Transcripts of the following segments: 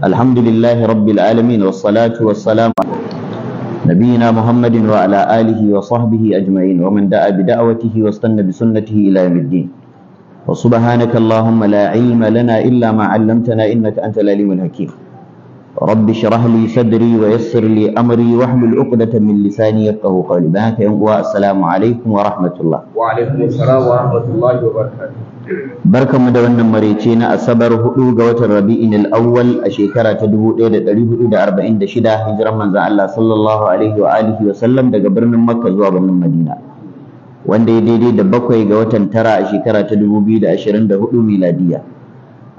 الحمد لله رب العالمين والصلاة والسلام على نبينا محمد وعلى آله وصحبه أجمعين ومن دعا بدعوته واستنى بسنته إلى يوم الدين وسبحانك اللهم لا علم لنا إلا ما علمتنا إنك أنت العليم الحكيم رب اشرح لي صدري ويسر لي امري واحلل عقدة من لساني يفقهوا قولي uwa يا السلام عليكم ورحمة الله وعليكم السلام ورحمة الله وبركاته barkanmu da wannan marece na asabar hudu ga watan rabi'in al-awwal a shekara ta 1446 hijiran manzon Allah sallallahu alaihi wa alihi wa sallam daga birnin Makka zuwa birnin Madina wanda ya daidai da bakwai ga watan tara a shekara ta 2024 miladiya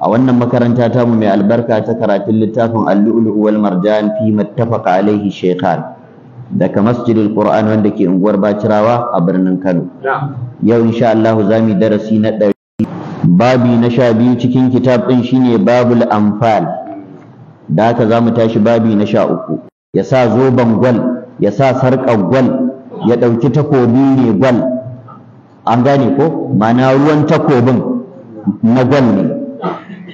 a wannan makaranta ta mu mai albarka ta karatun littafin al-lu'lu' wal marjan fi mattafaqa alaihi shaykhan daga masjidil qur'an wanda ke unguwar bacirawa a birnin kano yau insha Allah zamu darasi na ɗari babi na sha biyu cikin kitab ɗin shine babul amfal da haka zamu tashi babi na sha uku ya sa zoben gwal ya sa sarƙar gwal ya ɗauki takobi ne gwal an gane ko mana ruwan takobin na gwal ne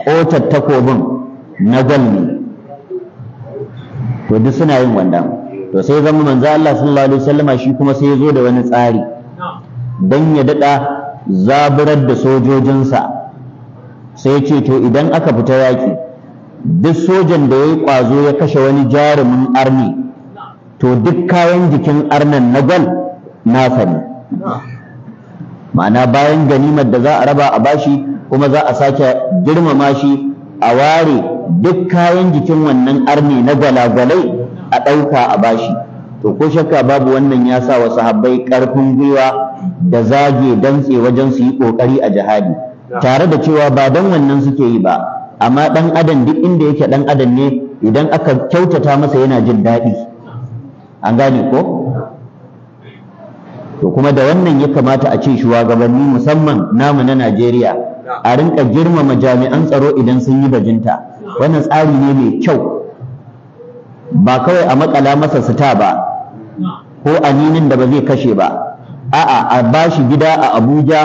ƙotar takobin na gwal to duk suna yin wannan to sai zama manzo Allah sallallahu alaihi wasallama shi kuma sai ya zo da wani tsari dan ya daɗa zaburar da sojojinsa sai ya ce to idan aka fita yaki duk sojan da ya yi ƙwazo ya kashe wani jarumin arni to duk kayan jikin arnan na gwal na sani ma'ana bayan ganimar da za a raba a bashi kuma za a sake girmama shi a ware duk kayan jikin wannan arni na gwalagwalai a ɗauka a bashi to ko shakka babu wannan ya sa wa sahabbai ƙarfin gwiwa da zage dantse wajen su yi ƙoƙari a jihadi tare da cewa ba dan wannan suke yi ba amma ɗan adam duk inda yake ɗan adam ne idan aka kyautata masa yana jin daɗi an gane ko to kuma da wannan ya kamata a ce shugabanni musamman namu na Najeriya a rinka girmama jami'an tsaro idan sun yi bajinta wannan tsari ne mai kyau ba kawai a makala masa sita ba ko aninin da ba zai kashe ba a'a a bashi gida a Abuja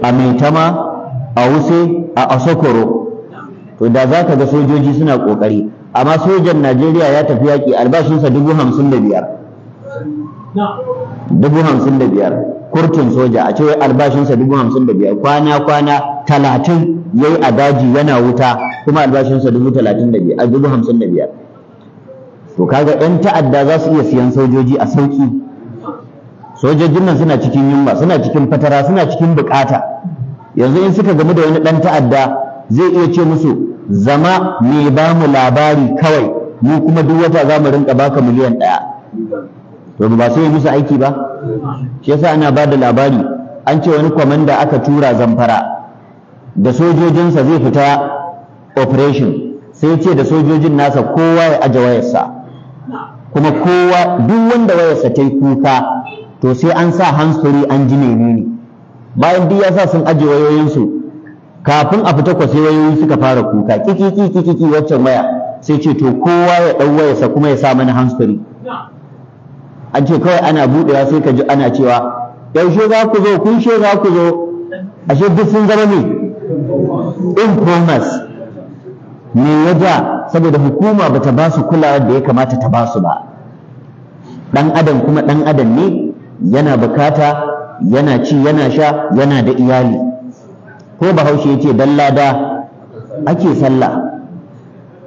a Maitama a Wuse a Asokoro to da za ka ga sojoji suna kokari amma sojan Najeriya ya tafi yaƙi albashinsa dubu hamsin da biyar dubu hamsin da biyar kurtun soja a cewa albashinsa dubu hamsin da biyar kwana kwana talatin ya yi a daji yana wuta kuma albashinsa dubu talatin da biyar a dubu hamsin da biyar to kaga yan ta'adda za su iya siyan sojoji a sauki sojojin nan suna cikin yunwa suna cikin fatara suna cikin bukata yanzu in suka gamu da wani dan ta'adda zai iya ce musu zama mai ba mu labari kawai mu kuma duk wata za mu rinka baka miliyan ɗaya to ba sai musu aiki ba shi yasa ana ba da labari an ce wani kwamanda aka tura zamfara da sojojinsa zai fita operation sai ce da sojojin nasa kowa ya aje wayarsa kuma kowa duk wanda wayarsa ta yi kuka to sai an sa free an ji menene bayan duk ya sa sun aje wayoyinsu kafin a fita kwasai wayoyin suka fara kuka kiki kiki kiki waccan waya sai ce to kowa ya ɗau wayarsa kuma ya sa mana free an ce kawai ana buɗewa sai ka ji ana cewa yaushe za ku zo kun she za ku zo ashe duk sun zama ne informers me ya ja saboda hukuma bata ba su kulawa da ya kamata ta ba su ba ɗan adam kuma ɗan adam ne yana bukata yana ci yana sha yana da iyali ko bahaushe ya ce dalla ake sallah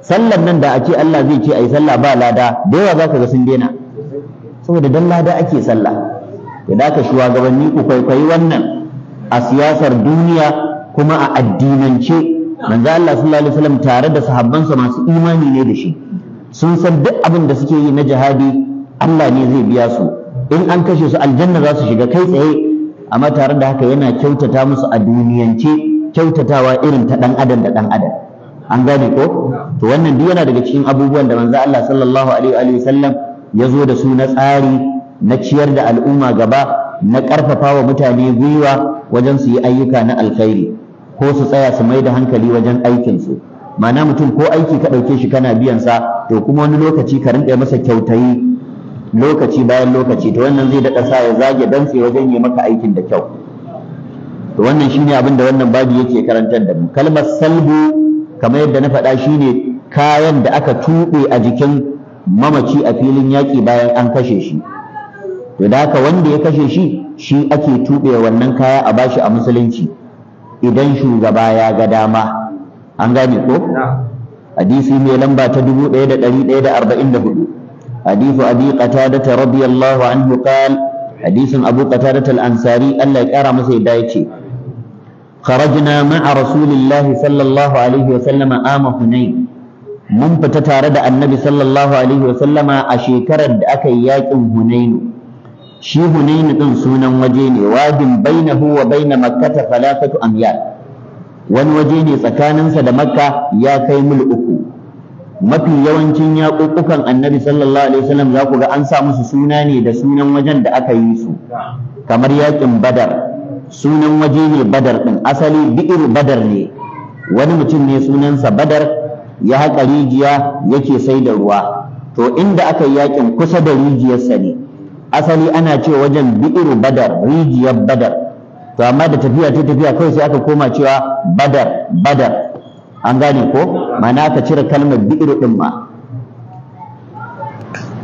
sallan nan da ake Allah zai ce a yi sallah ba lada da yawa za ka ga sun daina saboda dan lada ake sallah da haka shugabanni ku kwaikwayi wannan a siyasar duniya kuma a addinance manzo Allah sallallahu alaihi wasallam tare da sahabbansa masu imani ne da shi sun san duk abin da suke yi na jihadi Allah ne zai biya su in an kashe su aljanna za su shiga kai tsaye amma tare da haka yana kyautata musu a duniyance kyautatawa irin ta dan adam da dan adam an gane ko to wannan duk yana daga cikin abubuwan da manzo Allah sallallahu alaihi wa ya zo da su na tsari na ciyar da al'umma gaba na ƙarfafa wa mutane gwiwa wajen su yi ayyuka na alkhairi ko su tsaya su mai da hankali wajen aikinsu ma'ana mutum ko aiki ka ɗauke shi kana biyan sa to kuma wani lokaci ka rinƙa masa kyautayi lokaci bayan lokaci to wannan zai daɗa sa ya zage dantse wajen yi maka aikin da kyau to wannan shine abin da wannan babu yake karantar da mu kalmar salbu kamar yadda na faɗa shine kayan da aka tuɓe a jikin mamaci a filin yaƙi bayan an kashe shi to da haka wanda ya kashe shi shi ake tuɓe wannan kaya a bashi a musulunci idan shugaba ya ga dama an gane ko hadisi mai lamba ta 1144 hadithu abi qatadata radiyallahu anhu qal hadisin abu qatadata al-ansari Allah ya kara masa yadda yace kharajna ma'a rasulillahi sallallahu alaihi wa sallama ama hunain mun fita tare da annabi sallallahu alaihi wasallama a shekarar da aka yi yaƙin hunainu shi hunainu din sunan waje ne wadin bainahu wa baina makkata falafatu amyal wani waje ne tsakaninsa da makka ya kai mil uku mafi yawancin yaƙuƙukan annabi sallallahu alaihi wasallam za ku ga an sa musu suna ne da sunan wajen da aka yi su kamar yaƙin badar sunan waje ne badar din asali bi'ir badar ne wani mutum ne sunansa badar ya haƙa rijiya yake sai da ruwa to inda aka yi yaƙin kusa da rijiyarsa ne asali ana ce wajen bi'ir badar rijiyar badar to amma da tafiya ta tafiya kawai sai aka koma cewa badar badar an gane ko ma'ana aka cire kalmar bi'ir din ma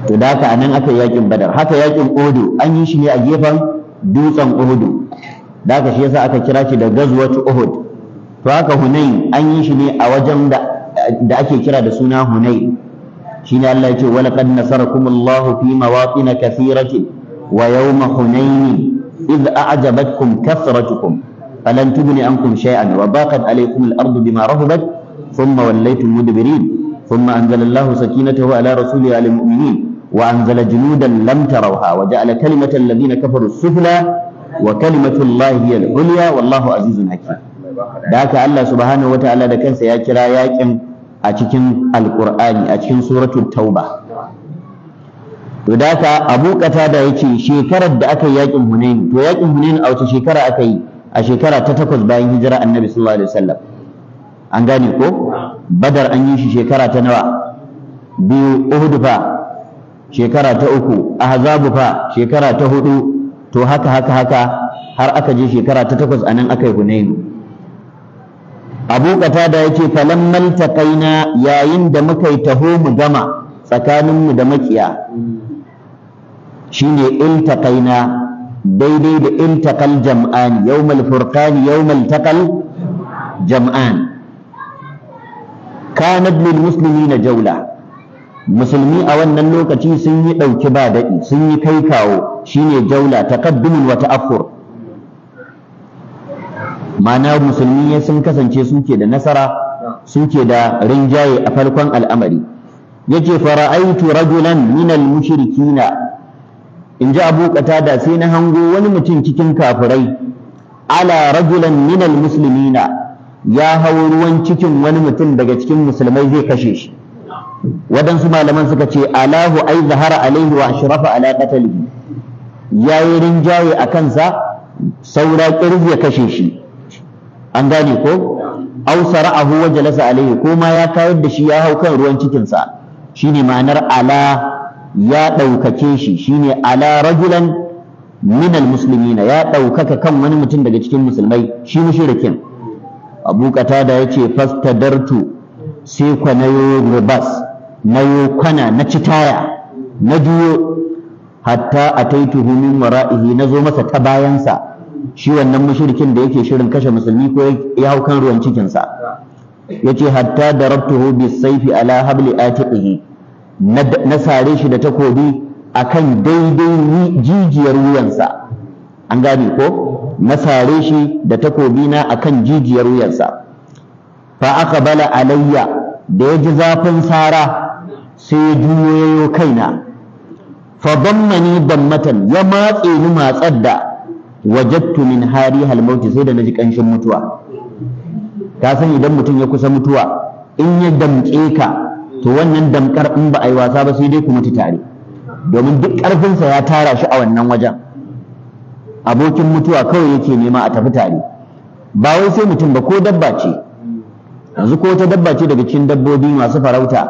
to da haka anan aka yi yakin badar haka yakin odo an yi shi ne a gefen dutsen odo da haka shi yasa aka kira shi da gazwatu uhud to haka hunain an yi shi ne a wajen da da ake kira da suna hunay shine Allah ya ce wa laqad nasarakumullahu fi mawatin kathiratin wa yawm hunayn idh a'jabatkum kathratukum falan tubni ankum shay'an wa baqat alaykum al-ardu bima rahabat thumma wallaytum mudbirin thumma anzala Allahu sakinatahu ala rasulihi wal wa anzala junudan lam tarawha ala ja'ala na ladina kafaru sufla wa kalimatu Allah hiya al wallahu azizun hakim da haka Allah subhanahu wa ta'ala da kansa ya kira yakin. a cikin alƙur'ani a cikin suratul tauba to da haka abu qatada yace shekarar da aka yi yakin hunain to yakin hunain a wata shekara aka yi a shekara ta takwas bayan hijira annabi sallallahu alaihi wasallam an gane ko badar an yi shi shekara ta nawa biyu uhud fa shekara ta uku ahzab fa shekara ta hudu to haka haka haka har aka je shekara ta takwas anan aka yi hunain abu da yake falamman taqaina yayin da muka yi taho mu gama tsakaninmu da makiya shine iltaqaina daidai da iltaqal jam'an yawmal furqan yawmal taqal jam'an kanat lil muslimina jawla musulmi a wannan lokaci sun yi dauki ba dadi sun yi kai kawo shine jawla taqaddum wa ta'akhur ma'ana musulmi sun kasance suke da nasara suke da rinjaye a farkon al'amari yace fara'aitu rajulan minal mushrikina in ji abu da sai na hango wani mutum cikin kafirai ala rajulan minal musulmina ya hau ruwan cikin wani mutum daga cikin musulmai zai kashe shi waɗansu malaman suka ce alahu ai zahara alaihi wa ashrafa ala qatlihi yayi rinjaye a kansa saura ƙirji ya kashe shi an gane ko ausara sara'ahu wa jalasa alaihi ko ma ya kayar da shi ya hau kan ruwan cikin sa shine ma'anar ala ya ɗaukake shi shine ala rajulan min almuslimina ya ɗaukaka kan wani mutum daga cikin musulmai shi mushrikin abu qatada yace fastadartu sai kwanayo ribas nayo kwana na citaya na juyo hatta ataituhu min wara'ihi nazo masa ta bayansa shi wannan mushrikin da yake shirin kashe musulmi ko ya hau kan ruwan cikinsa yace hatta darabtuhu bisayfi ala habli atiqihi na sare shi da takobi akan daidai jijiyar wuyansa an gane ko na sare shi da takobi na akan jijiyar wuyansa fa aqbala alayya da ya ji zafin sara sai ya juyo kaina fa dammani dammatan ya matse ni matsar da wajattu min hari halmauti sai da naji kanshin mutuwa ka san idan mutum ya kusa mutuwa in ya damƙe ka to wannan damkar in ba a yi wasa ba sai dai ku mutu tare domin duk ƙarfinsa ya tara shi a wannan wajen abokin mutuwa kawai yake nema a tafi tare ba wai sai mutum ba ko dabba ce yanzu ko ta dabba ce daga cikin dabbobi masu farauta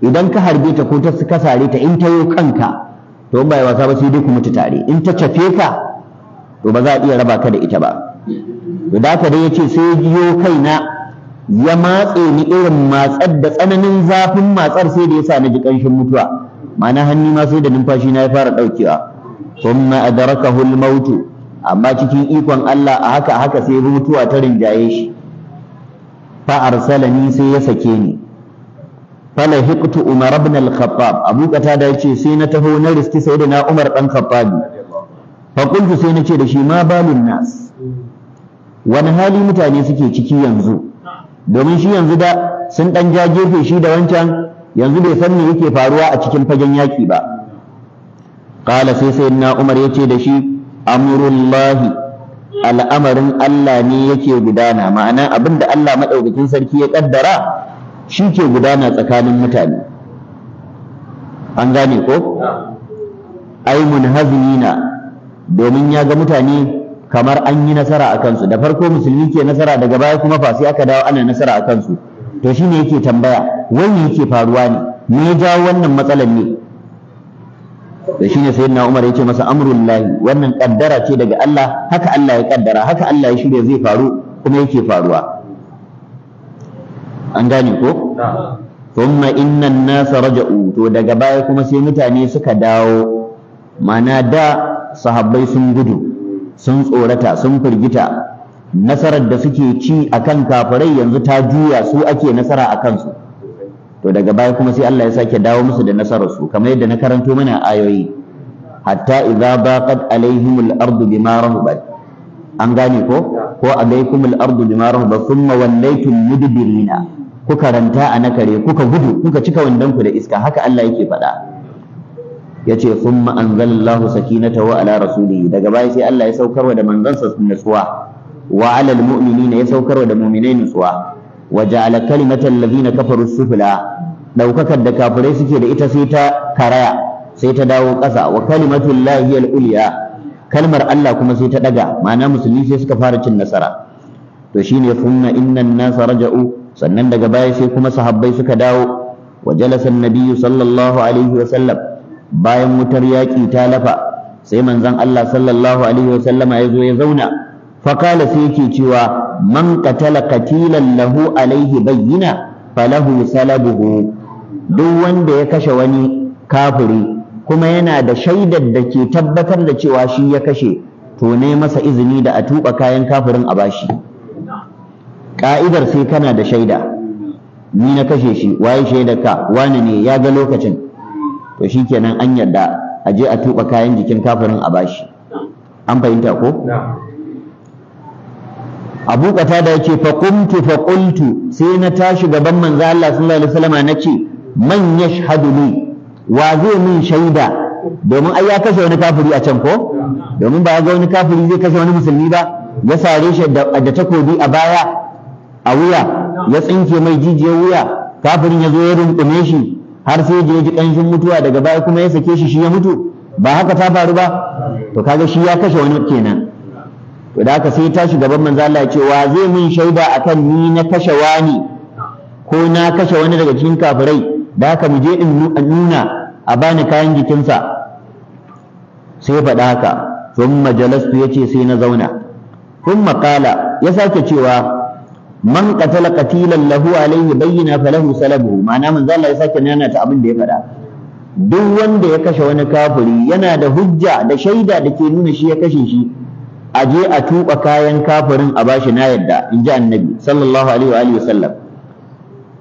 idan ka harbe ta ko ta kasare ta in ta kanka to ba yi wasa ba sai dai ku mutu tare in ta cafe ka to ba za a iya raba ka da ita ba da haka dai yace sai jiyo kaina ya matse ni irin matsar da tsananin zafin matsar sai da yasa na ji ƙanshin mutuwa ma'ana hannu ma sai da numfashi na ya fara ɗaukewa thumma adrakahu al-maut amma cikin ikon Allah a haka haka sai mutuwa ta rinjaye shi fa arsalani sai ya sake ni fala hiqtu umar ibn al-khattab abu qatada yace sai na taho na riski na umar dan khattabi faƙultu sai na ce da shi ma balin nas wani hali mutane suke ciki yanzu domin shi yanzu da sun ɗan ja gefe shi da wancan yanzu bai san me yake faruwa a cikin fagen yaƙi ba ƙala sai sai na umar ya ce da shi amurullahi al'amarin Allah ne yake gudana ma'ana abin da Allah maɗaukakin sarki ya ƙaddara shi ke gudana tsakanin mutane an gane ko ai munhazmina domin ya ga mutane kamar an yi nasara a kansu da farko musulmi ke nasara daga baya kuma fa aka dawo ana nasara a kansu to shine yake tambaya wani yake faruwa ne me ya jawo wannan matsalan ne da shine sayyidina Umar yace masa amrullahi wannan kaddara ce daga Allah haka Allah ya kaddara haka Allah ya shirya zai faru kuma yake faruwa an gane ko thumma innan nasa raja'u to daga baya kuma sai mutane suka dawo mana da sahabbai sun gudu sun tsorata sun firgita nasarar da suke ci akan kafirai yanzu ta juya su ake nasara a kansu to daga baya kuma sai Allah ya sake dawo musu da nasararsu kamar yadda na karanto mana ayoyi hatta idza baqat alaihimul ardu bima rahabat an gane ko ko alaikumul ardu bima rahabat thumma wallaytum mudbirina ku karanta a nakare kuka gudu kuka cika wandon ku da iska haka Allah yake faɗa yace thumma anzalallahu sakinatahu ala rasuli daga baya sai Allah ya saukarwa da manzansa nutsuwa wa ala almu'minina ya saukarwa da mu'minai nutsuwa wa ja'ala kalimatal ladina kafaru sufla daukakar da kafirai suke da ita sai ta karaya sai ta dawo ƙasa wa kalimatul lahi al-ulya kalmar Allah kuma sai ta daga ma'ana musulmi sai suka fara cin nasara to shine thumma innan nasa raja'u sannan daga baya sai kuma sahabbai suka dawo wa jalasa an-nabiyyu sallallahu alaihi wa sallam bayan wutar yaƙi ta lafa sai manzon Allah sallallahu alaihi wasallama ya zo ya zauna fakala sai yake cewa man qatala katilan lahu alaihi bayyina falahu salabuhu duk wanda ya kashe wani kafiri kuma yana da shaidar da ke tabbatar da cewa shi ya kashe to ne masa izini da a tuɓa kayan kafirin a bashi ka'idar sai kana da shaida ni na kashe shi waye shaidar ka wani ne ya ga lokacin to kenan an yadda a je a tuba kayan jikin kafirin a bashi an fahimta ko Abu Qatada da fa qumtu fa sai na tashi gaban manzo Allah sallallahu alaihi wasallam nace man yashhadu li wa zai min shaida domin ai ya kashe wani kafiri a can ko domin ba ga wani kafiri zai kashe wani musulmi ba ya sare shi da takobi a baya a wuya ya tsinke mai jijiyar wuya kafirin ya zo ya rinƙume shi har sai da ya ji ƙanshin mutuwa daga baya kuma ya sake shi shi ya mutu ba haka ta faru ba to kaga shi ya kashe wani kenan to da haka sai ta shiga gaban manzo Allah ya ce wa zai mun shaida akan ni na kashe wani ko na kashe wani daga cikin kafirai da haka mu je in nuna a bani kayan jikinsa sai ya faɗa haka thumma jalastu yace sai na zauna thumma qala ya sake cewa man qatala qatilan lahu alaihi bayyana falahu salabu ma'ana manzo Allah ya sake nana ta abin da ya faɗa duk wanda ya kashe wani kafiri yana da hujja da shaida da ke nuna shi ya kashe shi a je a tuba kayan kafirin a bashi na yadda inji annabi sallallahu alaihi wa alihi wasallam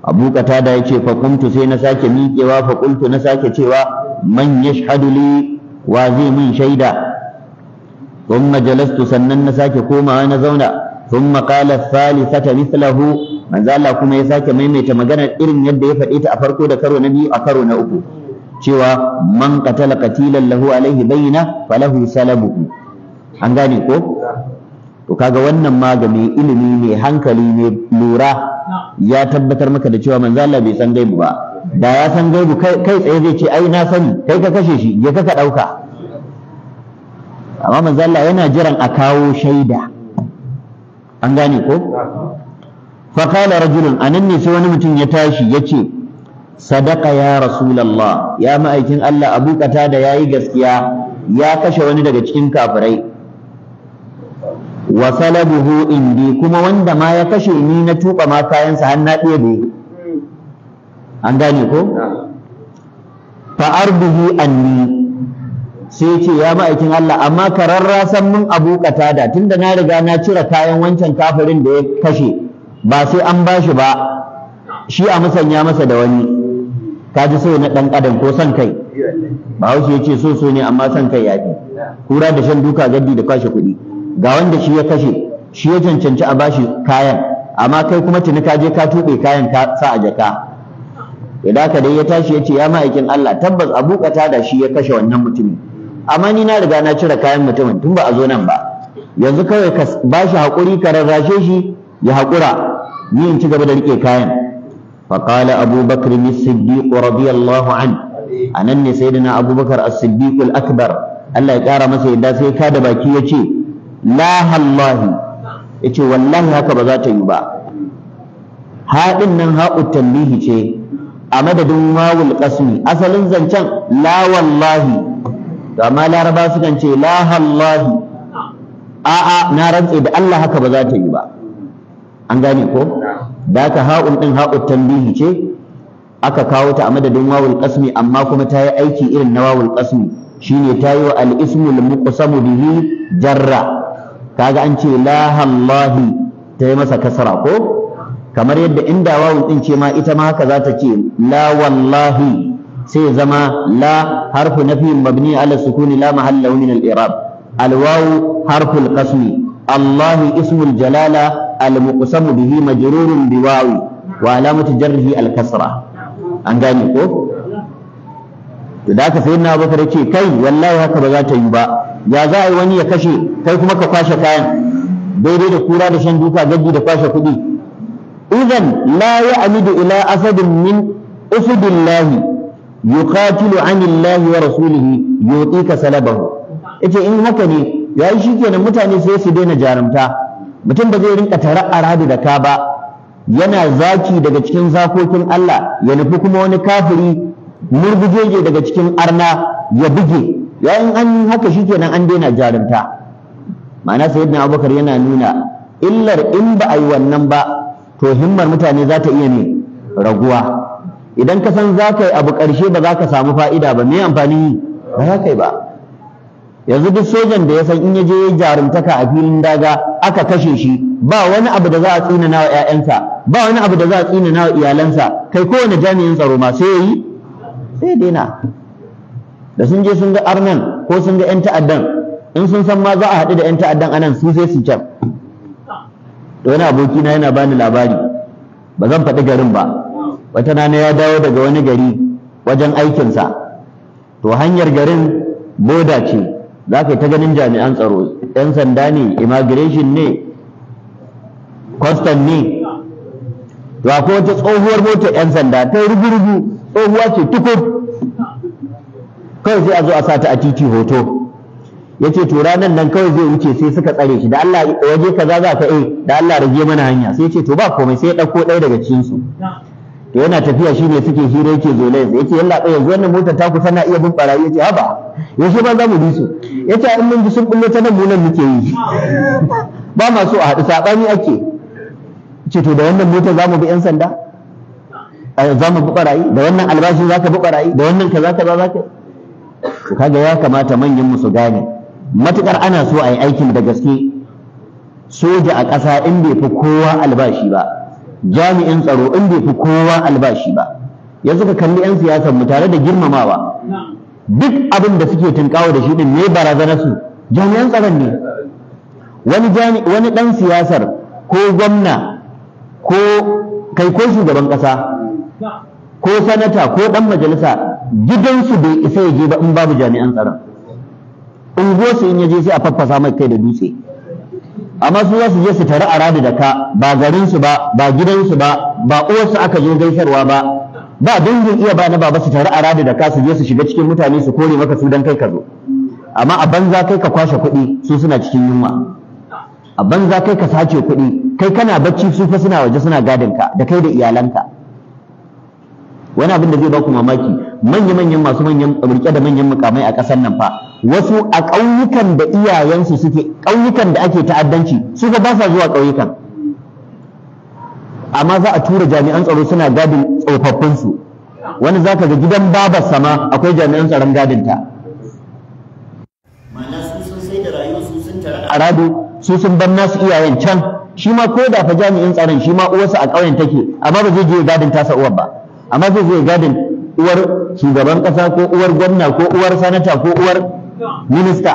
abu qatada yace fa kuntu sai na sake miƙewa fa kuntu na sake cewa man yashhadu li wa zai min shaida thumma jalastu sannan na sake komawa na zauna thumma qala thalithata mithlahu manzo Allah kuma ya sake maimaita maganar irin yadda ya faɗe ta a farko da karo na biyu a karo na uku cewa man qatala qatilan lahu alaihi bayyina falahu salabuhu an gane ko kaga wannan ma ga ilimi mai hankali mai lura ya tabbatar maka da cewa manzo bai san gaibu ba da ya san gaibu kai tsaye zai ce ai na sani kai ka kashe shi je ka ɗauka. dauka amma manzo yana jiran a kawo shaida an gane ko fa rajulun anan ne sai wani mutum ya tashi ya ce sadaka ya rasulullah ya ma'aikin Allah abu kata da yayi gaskiya ya kashe wani daga cikin kafirai wa salabuhu indi kuma wanda ma ya kashe ni na tuba ma kayansa har na ne. an gane ko fa arduhu anni sai ce ya ma'aikin Allah amma ka rarrasan mun abu katada tunda na riga na cire kayan wancan kafirin da ya kashe ba sai an bashi ba shi a musanya masa da wani ka ji so na ɗan adam ko son kai bahaushe ya ce so so ne amma son kai ya fi kura da shan duka gaddi da kwashe kuɗi ga wanda shi ya kashe shi ya cancanci a bashi kayan amma kai kuma tuni ka je ka tuɓe kayan ka sa a jaka idan ka dai ya tashi ya ce ya ma'aikin Allah tabbas abu da shi ya kashe wannan mutumin amma ni na riga na cire kayan mutumin tun ba a zo nan ba yanzu kawai ka ba shi haƙuri ka rarrashe shi ya haƙura ni in ci gaba da riƙe kayan faƙala abubakar ni siddiq radiyallahu an a nan ne sai abubakar as-siddiq al-akbar Allah ya ƙara masa yadda sai ka da baki ya ce la hallahi ya ce wallahi haka ba za ta yi ba haɗin nan haƙu tambihi ce a madadin wawul qasmi asalin zancen la wallahi to amma laraba sukan ce la hallahi a'a na rantse da Allah haka ba za ta yi ba an gane ko da ka ha'un din ha'ut tanbihi ce aka kawo ta a madadin wawul qasmi amma kuma ta yi aiki irin na wawul qasmi shine ta yi wa al-ismul muqsamu bihi jarra kaga an ce la hallahi ta yi masa kasara ko kamar yadda inda wawul din ce ma ita ma haka za ta ce la wallahi sai zama la harfu nafi mabni ala sukuni la mahallahu min al-i'rab al-wawu harful qasmi Allah ismul jalala al-muqsam bihi majrurun bi wawi wa alamati jarhi al-kasra an gane ko da ka sayyidina Abubakar yake kai wallahi haka ba za ta yi ba ya za a yi wani ya kashe kai kuma ka kwashe kayan daidai da kura da shan duka gaggi da kwashe kuɗi idan la ya amidu ila asadin min ufudillahi yuqatilu anillahi wa rasulihi yutika salabahu yace in haka ne yayi shikenan mutane sai su daina jarumta mutum ba zai rinka tara'ar aradu da ka ba yana zaki daga cikin zakokin Allah ya nufi kuma wani kafiri murgujeje daga cikin arna ya buge yayin an haka shikenan an daina jarumta ma'ana sayyidina abubakar yana nuna illar in ba a yi wannan ba to himmar mutane za ta iya ne raguwa idan ka san za ka yi abu ƙarshe ba za ka samu fa'ida ba me amfani ba za ka yi ba yanzu duk sojan da ya san in ya je ya jarumtaka a filin daga aka kashe shi ba wani abu da za a tsina nawa ƴaƴansa ba wani abu da za a tsina nawa iyalansa kai kowane jami'in tsaro ma sai yayi sai daina da sun je sun ga arnan ko sun ga yan ta'addan in sun san ma za a haɗu da yan ta'addan anan su sai su can Da wani abokina yana bani labari ba zan faɗi garin ba wata rana ya dawo daga wani gari wajen aikinsa to hanyar garin boda ce za ka yi ta ganin jami'an tsaro 'yan sanda ne immigration ne kwastan ne to akwai wata tsohuwar motar 'yan sanda ta rugu tsohuwa ce tukur kawai sai a zo a sata a titi hoto ya ce to ranar nan kawai zai wuce sai suka tsare shi da Allah waje kaza za ka eh da Allah rage mana hanya sai ce to ba komai sai ya ɗauko ɗaya daga cikinsu su to yana tafiya shi ne suke hira yake zolayin yace yalla ɗaya yanzu wannan motar ta tana iya bin barayi yace haba yaushe ba za mu bi su yace in mun ji sun bullo ta nan mu nan muke yi ba ma so a haɗu sabani ake ce to da wannan motar za mu bi yan sanda za mu bi barayi da wannan albashi za ka bi barayi da wannan kaza kaza za ka to kaga ya kamata manyan mu su gane matukar ana so a yi aikin da gaske soja a ƙasa in bai fi kowa albashi ba jami'in tsaro in bai fi kowa albashi ba yanzu ka kalli 'yan siyasar mu tare da girmamawa duk abin da suke tunkawa da shi din ne barazanar su jami'an tsaron ne wani jami wani dan siyasar ko gwamna ko kai ko shugaban kasa ko sanata ko dan majalisa gidansu bai isa ya je ba in babu jami'an tsaron unguwarsu in ya je sai a faffasa mai kai da dutse amma su za su je su tare a rabi da ka ba garinsu ba ba gidansu ba ba uwarsu aka zo gaisarwa ba ba dangin iya ba na baba su tare a rabi da ka su je su shiga cikin mutane su kore maka su dan kai ka zo amma a banza kai ka kwashe kuɗi su suna cikin yunwa a banza kai ka sace kuɗi kai kana bacci su fa suna waje suna gadin ka da kai da iyalanka wani abin da zai ku mamaki manya manyan masu manyan rike da manyan mukamai a ƙasar nan fa wasu a ƙauyukan da iyayensu suke ƙauyukan da ake ta'addanci su ga ba sa zuwa ƙauyukan amma za a tura jami'an tsaro suna gadin tsofaffin su wani zaka ga gidan babar sama akwai jami'an tsaron gadin ta arado su sun bar nasu iyayen can shi ma ko da fa jami'in tsaron shi ma uwarsa a ƙauyen take amma ba zai je gadin tasa uwar ba amma sai zai gadin uwar shugaban ƙasa ko uwar gwamna ko uwar sanata ko uwar minista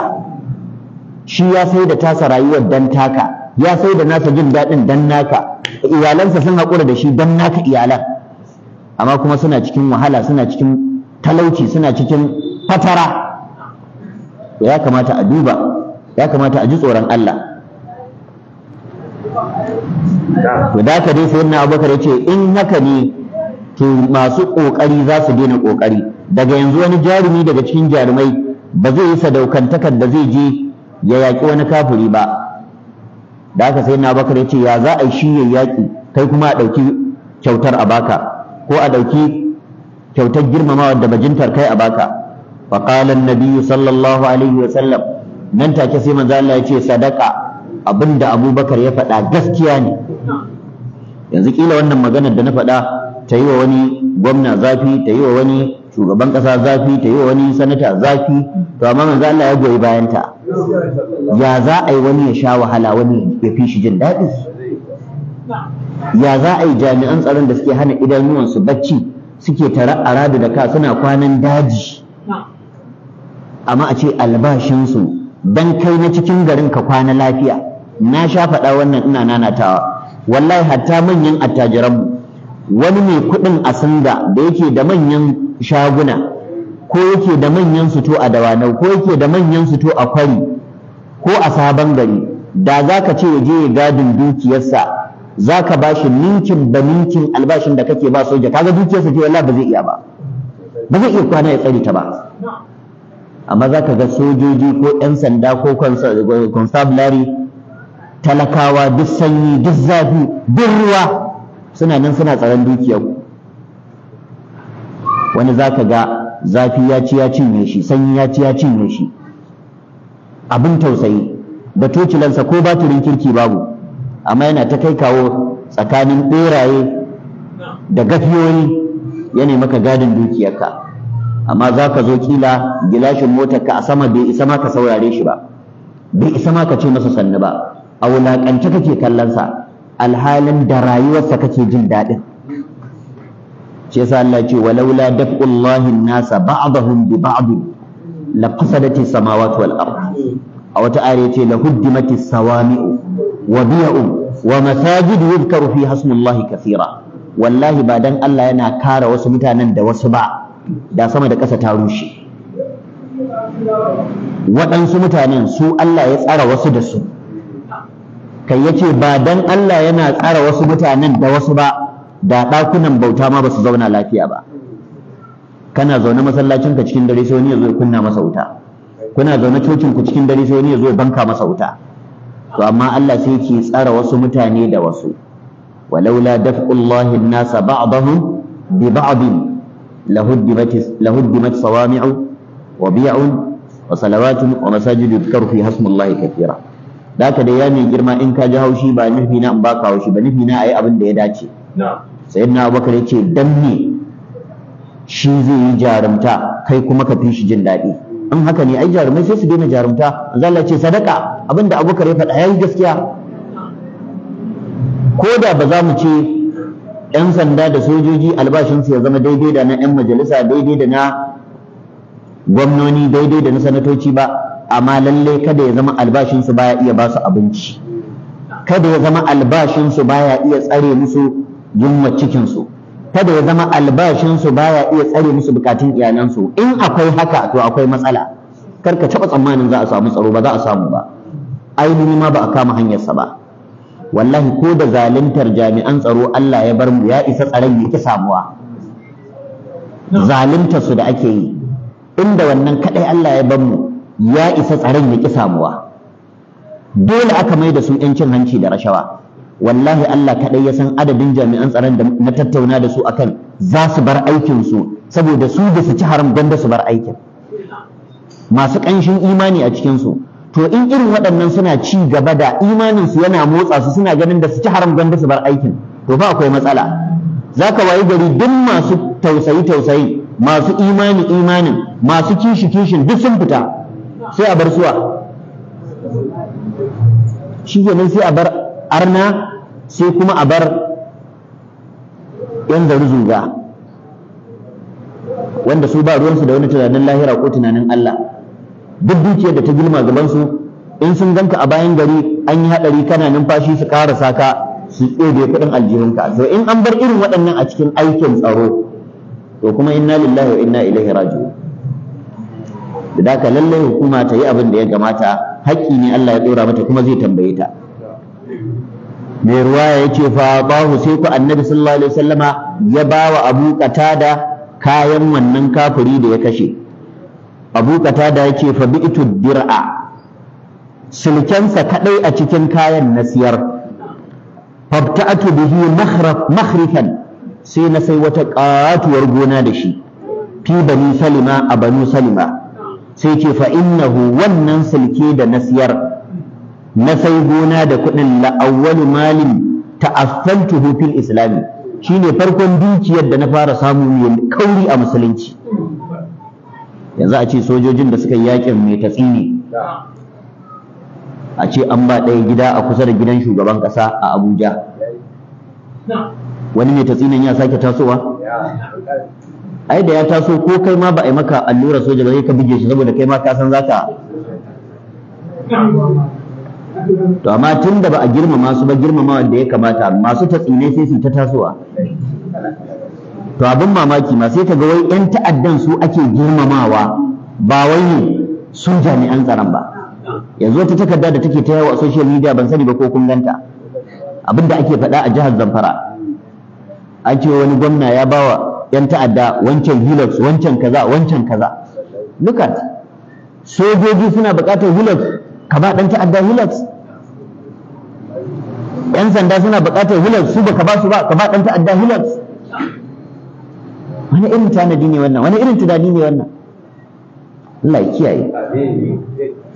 shi ya sai da tasa rayuwar dan taka ya sai da nasa jin daɗin dan naka iyalansa sun haƙura da shi dan naka iyalan amma kuma suna cikin wahala suna cikin talauci suna cikin fatara ya kamata a duba ya kamata a ji tsoron Allah da haka dai sayyidina Abubakar ya ce in haka ne to masu ƙoƙari za su daina ƙoƙari daga yanzu wani jarumi daga cikin jarumai ba zai yi sadaukantakar da zai je ya yaƙi wani kafiri ba da haka sai na bakar ya ce ya za a shi ya yaƙi kai kuma a ɗauki kyautar a baka ko a ɗauki kyautar girmamawa da bajintar kai a baka faƙalan nabiyu sallallahu alaihi wa sallam nan take sai manzo Allah ya ce sadaka abinda abubakar ya faɗa gaskiya ne yanzu kila wannan maganar da na faɗa ta yi wa wani gwamna zafi ta yi wa wani shugaban kasa zafi ta yi wa wani sanata zafi to amma manzo Allah ya goyi bayan ta ya za a yi wani ya sha wahala wani ya fi shi jin daɗi ya za a yi jami'an tsaron da suke hana su bacci suke tara rada da ka suna kwanan daji amma a ce albashinsu dan kai na cikin garin ka kwana lafiya na sha faɗa wannan ina nanatawa wallahi hatta manyan attajiranmu wani mai kuɗin a singa da yake da manyan shaguna ko yake da manyan suto a dawana ko yake da manyan suto a kwari ko a sabon gari da za ka ce ya je ya gadin dukiyarsa za ka ba shi ninkin ba ninkin albashin da kake ba soja kaga dukiyarsa ce wallahi ba zai iya ba ba zai iya kwana ya tsare ta ba amma za ka ga sojoji ko 'yan sanda ko constabulary talakawa duk sanyi duk zafi duk ruwa suna nan suna tsaron dukiyar wani za ka ga zafi ya ci ya cinye shi sanyi ya ci ya cinye shi abin tausayi da tocilansa ko batirin kirki babu amma yana ta kai kawo tsakanin ɓeraye da gafiyoyi ya nemi ka gadin dukiyarka amma za ka zo kila gilashin motarka a sama bai isa ma ka saurare shi ba bai isa ma ka ce masa sannu ba a wulaƙance kake kallonsa alhalin da rayuwarsa kake jin daɗin shi yasa Allah ce walaula daf'ullahi nasa ba'dahum bi ba'd la fasadati samawati wal ard a wata ayar ce la huddimati sawami'u wa bi'u wa masajid yuzkaru fi hasmullahi kathira wallahi ba dan Allah yana kara wasu mutanen da wasu ba da sama da ƙasa ta rushe waɗansu mutanen su Allah ya tsara wasu da su kai yace ba dan Allah yana tsara wasu mutanen da wasu ba da ɗakunan bauta ma ba su zauna lafiya ba kana zaune masallacin cikin dare sai wani ya zo ya kunna masa wuta kuna zaune cocin ku cikin dare sai wani ya zo ya banka masa wuta to amma Allah sai yake tsara wasu mutane da wasu walaula daf'ullahi an-nasa ba'dahum bi ba'din لهدمت لهدمت صوامع وبيع وصلوات ومساجد da ka da ya mai girma in ka ji haushi ba nufi na in baka haushi ba nufi na yi abin da ya dace Sayan na abubakar ya ce dan ne shi zai yi jarumta kai kuma ka fi shi jin daɗi in haka ne ai jarumai sai su daina jarumta zalla ce sadaka abin da abubakar ya faɗa yi gaskiya ko da ba za mu ce 'yan sanda da sojoji albashinsu ya zama daidai da na 'yan majalisa daidai da na gwamnoni daidai da na sanatoci ba amma lalle kada ya zama albashinsu baya iya ba su abinci kada ya zama albashinsu baya iya tsare musu yunwa cikinsu kada ya zama albashinsu baya iya tsare musu bukatun iyalansu in akwai haka to akwai matsala kar ka taɓa tsammanin za a samu tsaro ba za a samu ba ainihi ma ba a kama hanyar sa ba wallahi ko da zaluntar jami'an tsaro Allah ya bar mu ya isa tsaron ya ki samuwa zaluntar su da ake yi inda wannan kadai Allah ya bar mu ya isa tsaron ya ƙi samuwa dole aka mai da su ‘yan hanci da rashawa wallahi Allah kaɗai ya san adadin jami'an tsaron da na tattauna da su akan za su bar aikinsu saboda su da su ci haram gwanda su bar aikin masu ƙanshin imani a cikin su to in irin waɗannan suna ci gaba da imaninsu yana motsa su suna ganin da su ci haram gwanda su bar aikin to ba akwai matsala za ka wayi gari duk masu tausayi tausayi masu imani imanin masu kishi kishin duk sun fita sai a bar suwa shi kenan sai a bar arna sai kuma a bar yan zuga. wanda su ba ruwansu da wani tunanin lahira ko tunanin Allah duk dukiyar da ta girma gabansu in sun ganka a bayan gari an yi haɗari kana numfashi su ƙara saka su tsebe kuɗin aljihunka to in an bar irin waɗannan a cikin aikin tsaro to kuma inna lillahi wa inna ilaihi raji'un da haka lallai hukuma ta yi abin da ya gamata haƙƙi ne Allah ya ɗora mata kuma zai tambaye ta mai ruwaya ya ce fa bahu sai ku annabi sallallahu alaihi wasallama ya ba wa abu qatada kayan wannan kafuri da ya kashe abu qatada ya ce fa bi'tu dir'a sulkensa kadai a cikin kayan nasiyar fabta'atu bihi mahraf mahrifan sai na sai wata katuwar gona da shi fi bani salima a Bani salima sai ce fa innahu wannan silke da na siyar na sai gona da kuɗin la'awwalu malin ta'affaltuhu fil islami shine farkon dukiyar da na fara samu mai kauri a musulunci yanzu a ce sojojin da suka yi yakin mai tatsini a ce an ba ɗaya gida a kusa da gidan shugaban ƙasa a abuja wani mai tatsinin ya sake tasowa ai da ya taso ko kai ma ba a yi maka allura soja ba zai ka buge shi saboda kai ma ka san zaka to amma tun da ba a girmama su ba girmamawa da ya kamata masu tsine sai su ta tasowa to abin mamaki ma sai ka ga wai yan ta'addan su ake girmamawa ba wai ne su jami'an tsaron ba yanzu wata takarda da take ta yawo a social media ban sani ba ko kun ganta abin da ake faɗa a jihar Zamfara an ce wani gwamna ya bawa yan ta'adda wancan hilux wancan kaza wancan kaza look at sojoji suna buƙatar hilux ka ba dan ta'adda hilux yan sanda suna buƙatar hilux su ba ka ba su ba ka ba dan ta'adda hilux wani irin tanadi ne wannan wani irin tunani ne wannan Allah ya kiyaye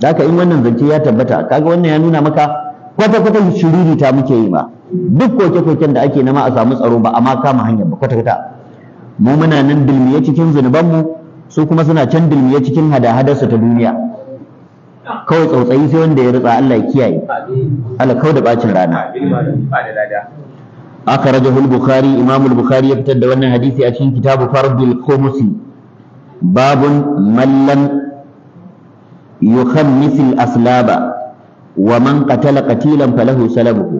haka in wannan zance ya tabbata kaga wannan ya nuna maka kwata-kwata shiriri ta muke yi ba duk koke-koken da ake nema a samu tsaro ba amma kama hanyar ba kwata-kwata mu muna nan dilmiye cikin mu, su kuma suna can dilmiye cikin hada su ta duniya kawai tsautsayi sai wanda ya rutsa Allah ya kiyaye Allah da bacin rana aka raja bukhari imam bukhari ya fitar da wannan hadisi a cikin kitabu fardul khumusi babun mallan yukhammisil aslaba wa man qatala qatilan falahu salabuhu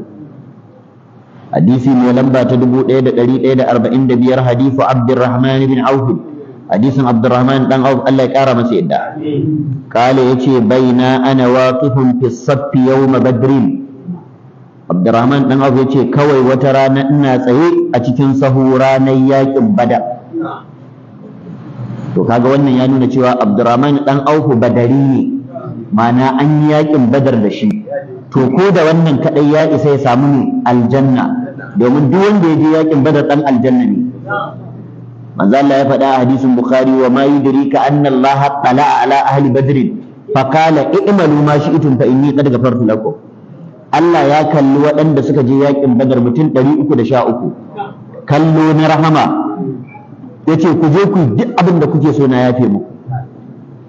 hadisi mai lamba ta dubu ɗaya ɗaya da ɗari 1145 hadisu Abdurrahman bin Auf hadisin Abdurrahman dan Auf Allah ya kara masa yadda kale yace baina ana waqifun fi saff yawm badr Abdurrahman dan Auf yace kawai wata rana ina tsaye a cikin sahu ranar yakin Badar to kaga wannan ya nuna cewa Abdurrahman dan Auf badari ne mana an yi yakin Badar da shi to ko da wannan kadai ya isa ya samu aljanna domin duk wanda ya je yakin badar dan aljanna ne manzo Allah ya faɗa a hadisin bukhari wa ma yudrika anna Allah tala ala ahli badr fa qala i'malu ma shi'tum fa inni qad ghafartu lakum Allah ya kalli waɗanda suka je yakin badar mutum 313 kallo na rahama yace ku je ku duk abin da kuke so na yafe muku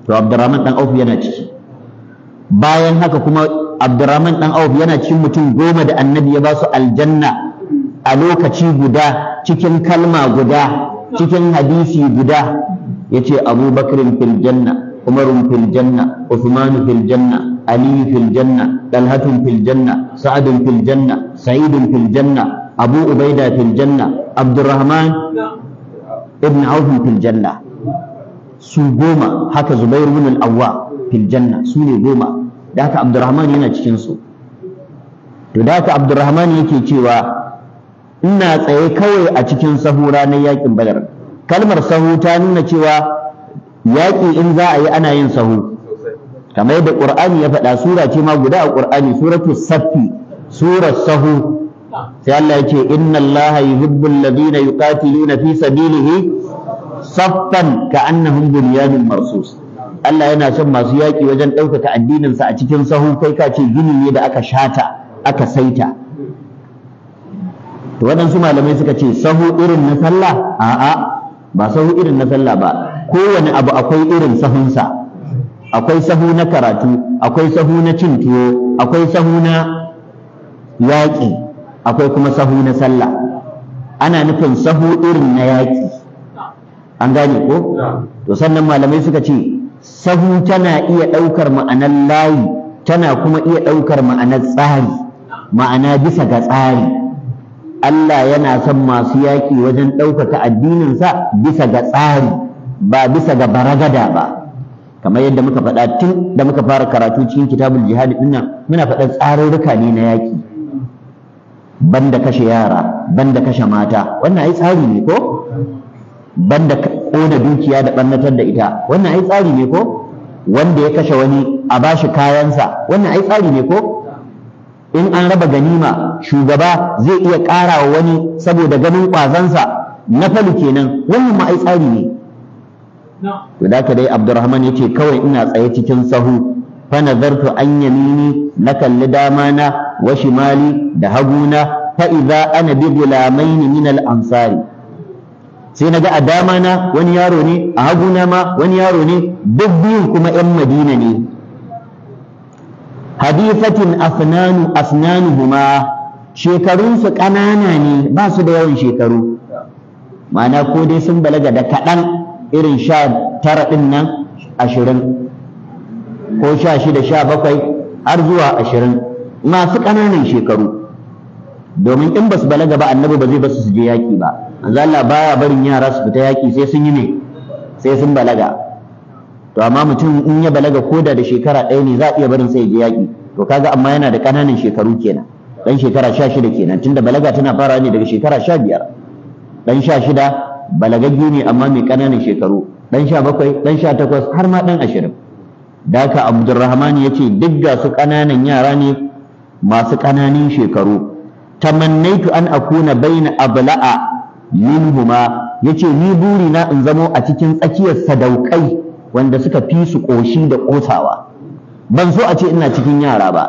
to Abdurrahman dan Auf yana ciki bayan haka kuma abdurrahman dan auf yana cikin mutum goma da annabi ya ba su aljanna a lokaci guda cikin kalma guda cikin hadisi guda yace abubakarin fil janna umarun filjanna usmanu aliyu filjanna dalhatun filjanna sa'adun filjanna sa'idun abu ubaida filjanna abdurrahman ibn auf filjanna. su goma haka Zubairu bin al-awwa filjanna su ne goma da haka abdurrahman yana cikinsu. to da haka abdurrahman yake cewa ina tsaye kawai a cikin sahu ranar yakin badar kalmar sahu ta nuna cewa yaƙi in za a yi ana yin sahu kamar yadda ƙur'ani ya faɗa sura ce ma guda a ƙur'ani, suratu saffi surar sahu sai Allah ya ce inna Allah yuhibbul ladina yuqatiluna fi sabilihi saffan ka'annahum bunyanun marsus Allah yana son masu yaƙi wajen ɗaukaka addininsa a cikin sahu kai ka ce gini ne da aka shata aka saita to waɗansu malamai suka ce sahu irin na sallah a'a ba sahu irin na sallah ba kowane abu akwai irin sahunsa akwai sahu na karatu akwai sahu na cin tuwo akwai sahu na yaƙi akwai kuma sahu na sallah ana nufin sahu irin na yaƙi an gane ko to sannan malamai suka ce sahu tana iya ɗaukar ma'anar layi tana kuma iya ɗaukar ma'anar tsari ma'ana bisa ga tsari Allah yana son masu yaƙi wajen ɗaukaka addininsa bisa ga tsari ba bisa ga baragada ba kamar yadda muka faɗa tun da muka fara karatu cikin kitabul jihadi ɗin nan muna faɗa tsarurruka ne na yaƙi banda kashe yara banda kashe mata wannan ai tsari ne ko banda ƙona dukiya da ɓannatar da ita wannan ai tsari ne ko wanda ya kashe wani a bashi kayansa wannan ai tsari ne ko in an raba ganima shugaba zai iya ƙara wa wani saboda ganin ƙwazansa na falu kenan wannan ma ai tsari ne to da dai abdurrahman ya ce kawai ina tsaye cikin sahu fa nazartu an yamini na kalli dama na wa shimali da haguna fa idza ana bi gulamaini min al ansari sai na ga a dama na wani yaro ne a hagu na ma wani yaro ne duk biyu kuma 'yan madina ne hadifatin afnanu afnanuhuma shekarunsu ƙanana ne ba su da yawan shekaru ma'ana ko dai sun balaga da kaɗan irin sha tara ɗin nan ashirin ko sha shida sha bakwai har zuwa ashirin masu ƙananan shekaru domin in ba su balaga ba annabi ba zai ba su je yaƙi ba manzo Allah baya barin yara su fita yaki sai sun yi ne sai sun balaga to amma mutum in ya balaga koda da shekara ɗaya ne za a iya barin sai je yaki to kaga amma yana da ƙananan shekaru kenan dan shekara sha shida kenan tunda balaga tana fara ne daga shekara sha biyar dan sha shida balagagge ne amma mai ƙananan shekaru dan sha bakwai dan sha takwas har ma dan ashirin daka abdurrahman ya ce duk ga su ƙananan yara ne masu ƙananan shekaru tamannaitu an akuna baina abla'a minhuma yace ni buri na in zamo a cikin tsakiyar sadaukai wanda suka fi su koshi da kosawa ban so a ce ina cikin yara ba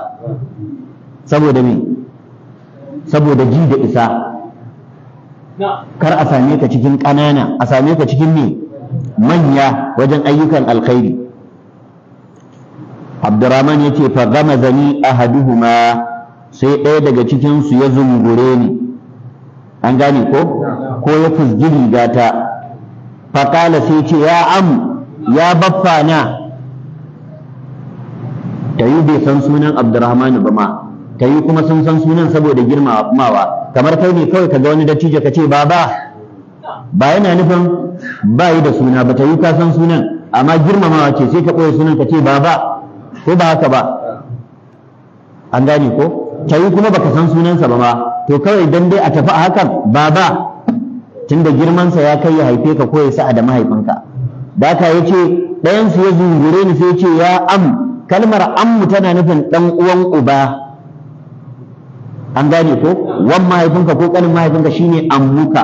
saboda me saboda ji da isa kar a same ka cikin ƙanana a same ka cikin me manya wajen ayyukan alkhairi abdurrahman yace fa gama zani ahaduhuma sai ɗaya daga cikin su ya zungure ni an gane ko ko ya fusgi rigata faƙala sai ce ya am ya baffa na ta yi bai san sunan abdurrahman ba ma ta yi kuma sun san sunan saboda girmamawa kamar kai ne kawai ka ga wani dattijo ka ce baba ba yana nufin ba yi da suna ba ta yi ka san sunan amma girmamawa ce sai ka ɓoye sunan ka ce baba ko ba haka ba an gane ko ta yi kuma baka san sunansa ba ma to kawai dan dai a tafi a hakan baba tunda girmansa ya kai ya haife ka ko ya da mahaifinka da ka ya ce ɗayansu ya zungure ni sai ce ya am kalmar ammu tana nufin ɗan uwan uba an gane ko wan mahaifinka ko ƙanin mahaifinka shine ammuka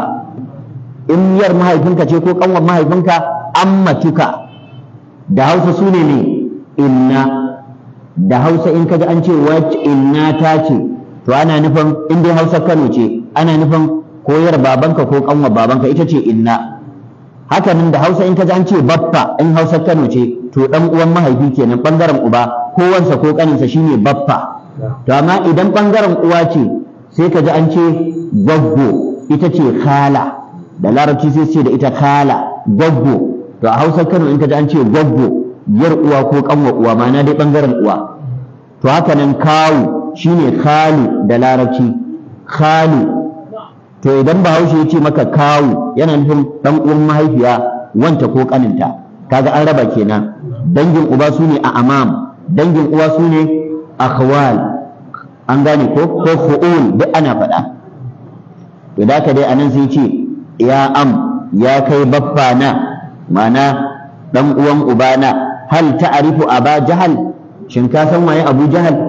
in yar mahaifinka ce ko ƙanwan mahaifinka ammatuka da hausa su ne ne inna da hausa in kaji an ce wacce inna ta ce to ana nufin in dai Hausa Kano ce ana nufin koyar babanka ko kanwa babanka ita ce inna haka nan da Hausa in ka ji an ce baffa in Hausa Kano ce to dan uwan mahaifi kenan bangaren uba kowansa ko kaninsa shine baffa to amma idan bangaren uwa ce sai ka ji an ce gaggo ita ce khala da larabci sai ce da ita khala gaggo to a Hausa Kano in ka ji an ce gaggo yar uwa ko kanwa uwa ma'ana dai bangaren uwa to haka nan kawu shine kalu da larabci kalu to idan bahaushe ya ce maka kawu yana nufin dan uwan mahaifiya wanta ko kaninta kaga an raba kenan dangin uba su ne a amam dangin uwa su ne khawal an gane ko ko fu'ul duk ana faɗa to da ka dai anan sai ce ya am ya kai baffa na ma'ana dan uwan ubana hal ta'rifu aba jahal shin ka san waye abu jahal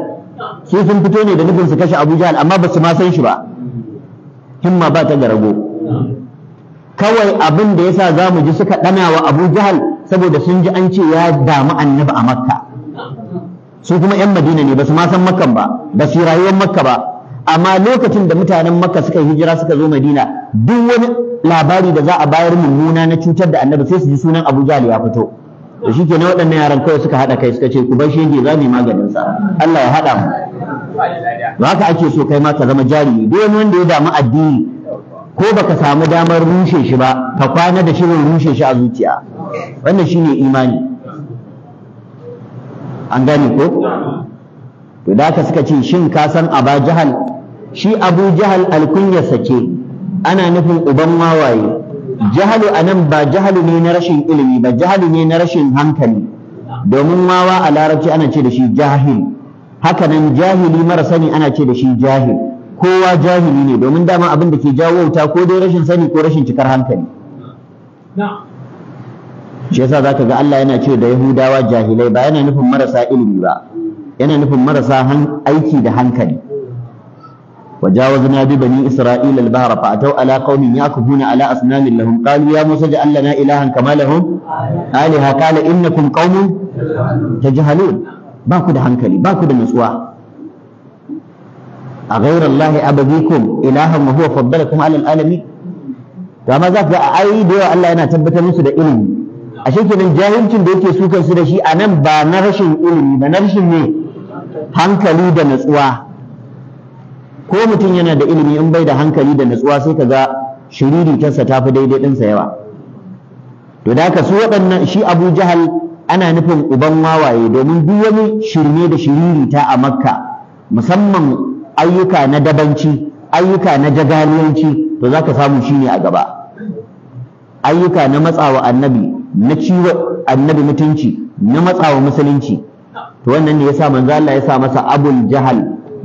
su sun fito ne da nufin su kashe Abu Jahal amma ba su ma san shi ba himma ba ta garago kawai abin da yasa za mu ji suka ɗana wa Abu Jahal saboda sun ji an ce ya damu annabi a Makka su kuma 'yan Madina ne ba su ma san Makkan ba ba su rayuwar Makka ba amma lokacin da mutanen Makka suka hijira suka zo Madina duk wani labari da za a bayar mummuna na cutar da annabi sai su ji sunan Abu Jahal ya fito ke na waɗannan yaran kawai suka haɗa kai suka ce ku bar shege za mu yi maganin sa Allah ya haɗa mu ba haka ake so kai ma ka zama jarumi duk ne wanda ya damu addini ko baka samu damar rushe shi ba ka kwana da shirin rushe shi a zuciya wannan shine imani an gane ko to da ka suka ce shin ka san aba jahal shi abu jahal alkunyarsa sake ana nufin uban wawaye jahalu anan ba jahalu ne na rashin ilimi ba jahalu ne na rashin hankali domin wawa a larabci ana ce da shi jahil hakanan jahili mara sani ana ce da shi jahil kowa jahili ne domin dama abin da ke jawo wuta ko dai rashin sani ko rashin cikar hankali shi yasa zaka ga Allah yana ce da Yahudawa jahilai ba yana nufin marasa ilimi ba yana nufin marasa aiki da hankali وجاوزنا ببني إسرائيل البحر فأتوا على قوم يعكفون على أصنام لهم قالوا يا موسى اجعل لنا إلها كما لهم آلهة قال إنكم قوم تجهلون ba ku da hankali ba ku da nutsuwa a ghairar lahi ababikum ilahan wa huwa kuma alal alami to amma za ku ga ai da yawa Allah yana tabbatar musu da ilimi ashe kenan jahilcin da yake su da shi a nan ba na rashin ilimi ba na rashin ne hankali da nutsuwa ko mutum yana da ilimi in bai da hankali da nutsuwa sai ka ga shiriri ta fi daidai ɗinsa yawa to da haka su waɗannan shi abu jahal ana nufin uban wawaye domin duk wani shirme da shiririta a makka musamman ayyuka na dabanci ayyuka na jagaliyanci to za ka samu shi ne a gaba ayyuka na matsawa annabi na ciwo annabi mutunci na matsawa musulunci to wannan ne yasa manzo Allah ya sa masa abul jahal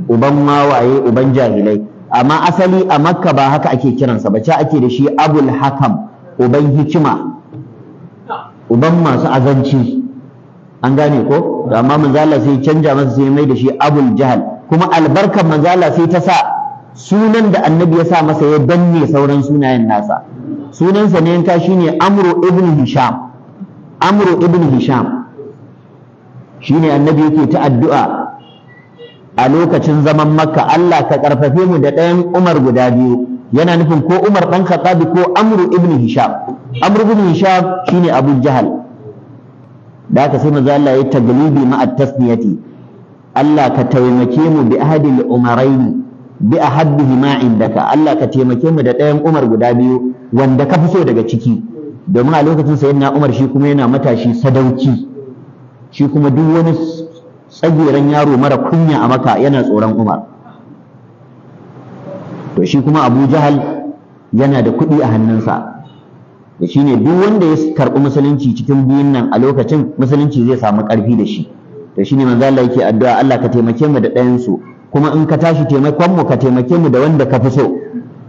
uban wawaye uban jahilai amma asali a makka ba haka ake kiransa ba ce ake da shi abul hakam uban hikima uban masu azanci an gane ko to amma manzo Allah sai canja masa sai mai da shi abul jahal kuma albarkar manzo Allah sai ta sa sunan da annabi ya sa masa ya danne sauran sunayen nasa sunansa ne ta shine amru ibn hisham amru ibn hisham shine annabi yake ta addu'a a lokacin zaman makka Allah ka karfafe mu da ɗayan umar guda biyu yana nufin ko umar ɗan khattabi ko amru ibn hisham amr ibn hisham shine abu jahal da aka sai manzo Allah ya taglibi ma at-tasniyati Allah ka taimake mu bi al umarain bi ahadihi ma indaka Allah ka taimake mu da ɗayan Umar guda biyu wanda ka fi so daga ciki domin a lokacin na Umar shi kuma yana matashi sadauki shi kuma duk wani tsagiran yaro mara kunya a maka yana tsoron Umar to shi kuma Abu Jahal yana da kuɗi a hannunsa da shi ne duk wanda ya karɓi musulunci cikin biyun nan a lokacin musulunci zai samu ƙarfi da shi to shi ne manzo yake addu'a Allah ka taimake mu da ɗayansu, kuma in ka tashi taimakon mu ka taimake mu da wanda ka fi so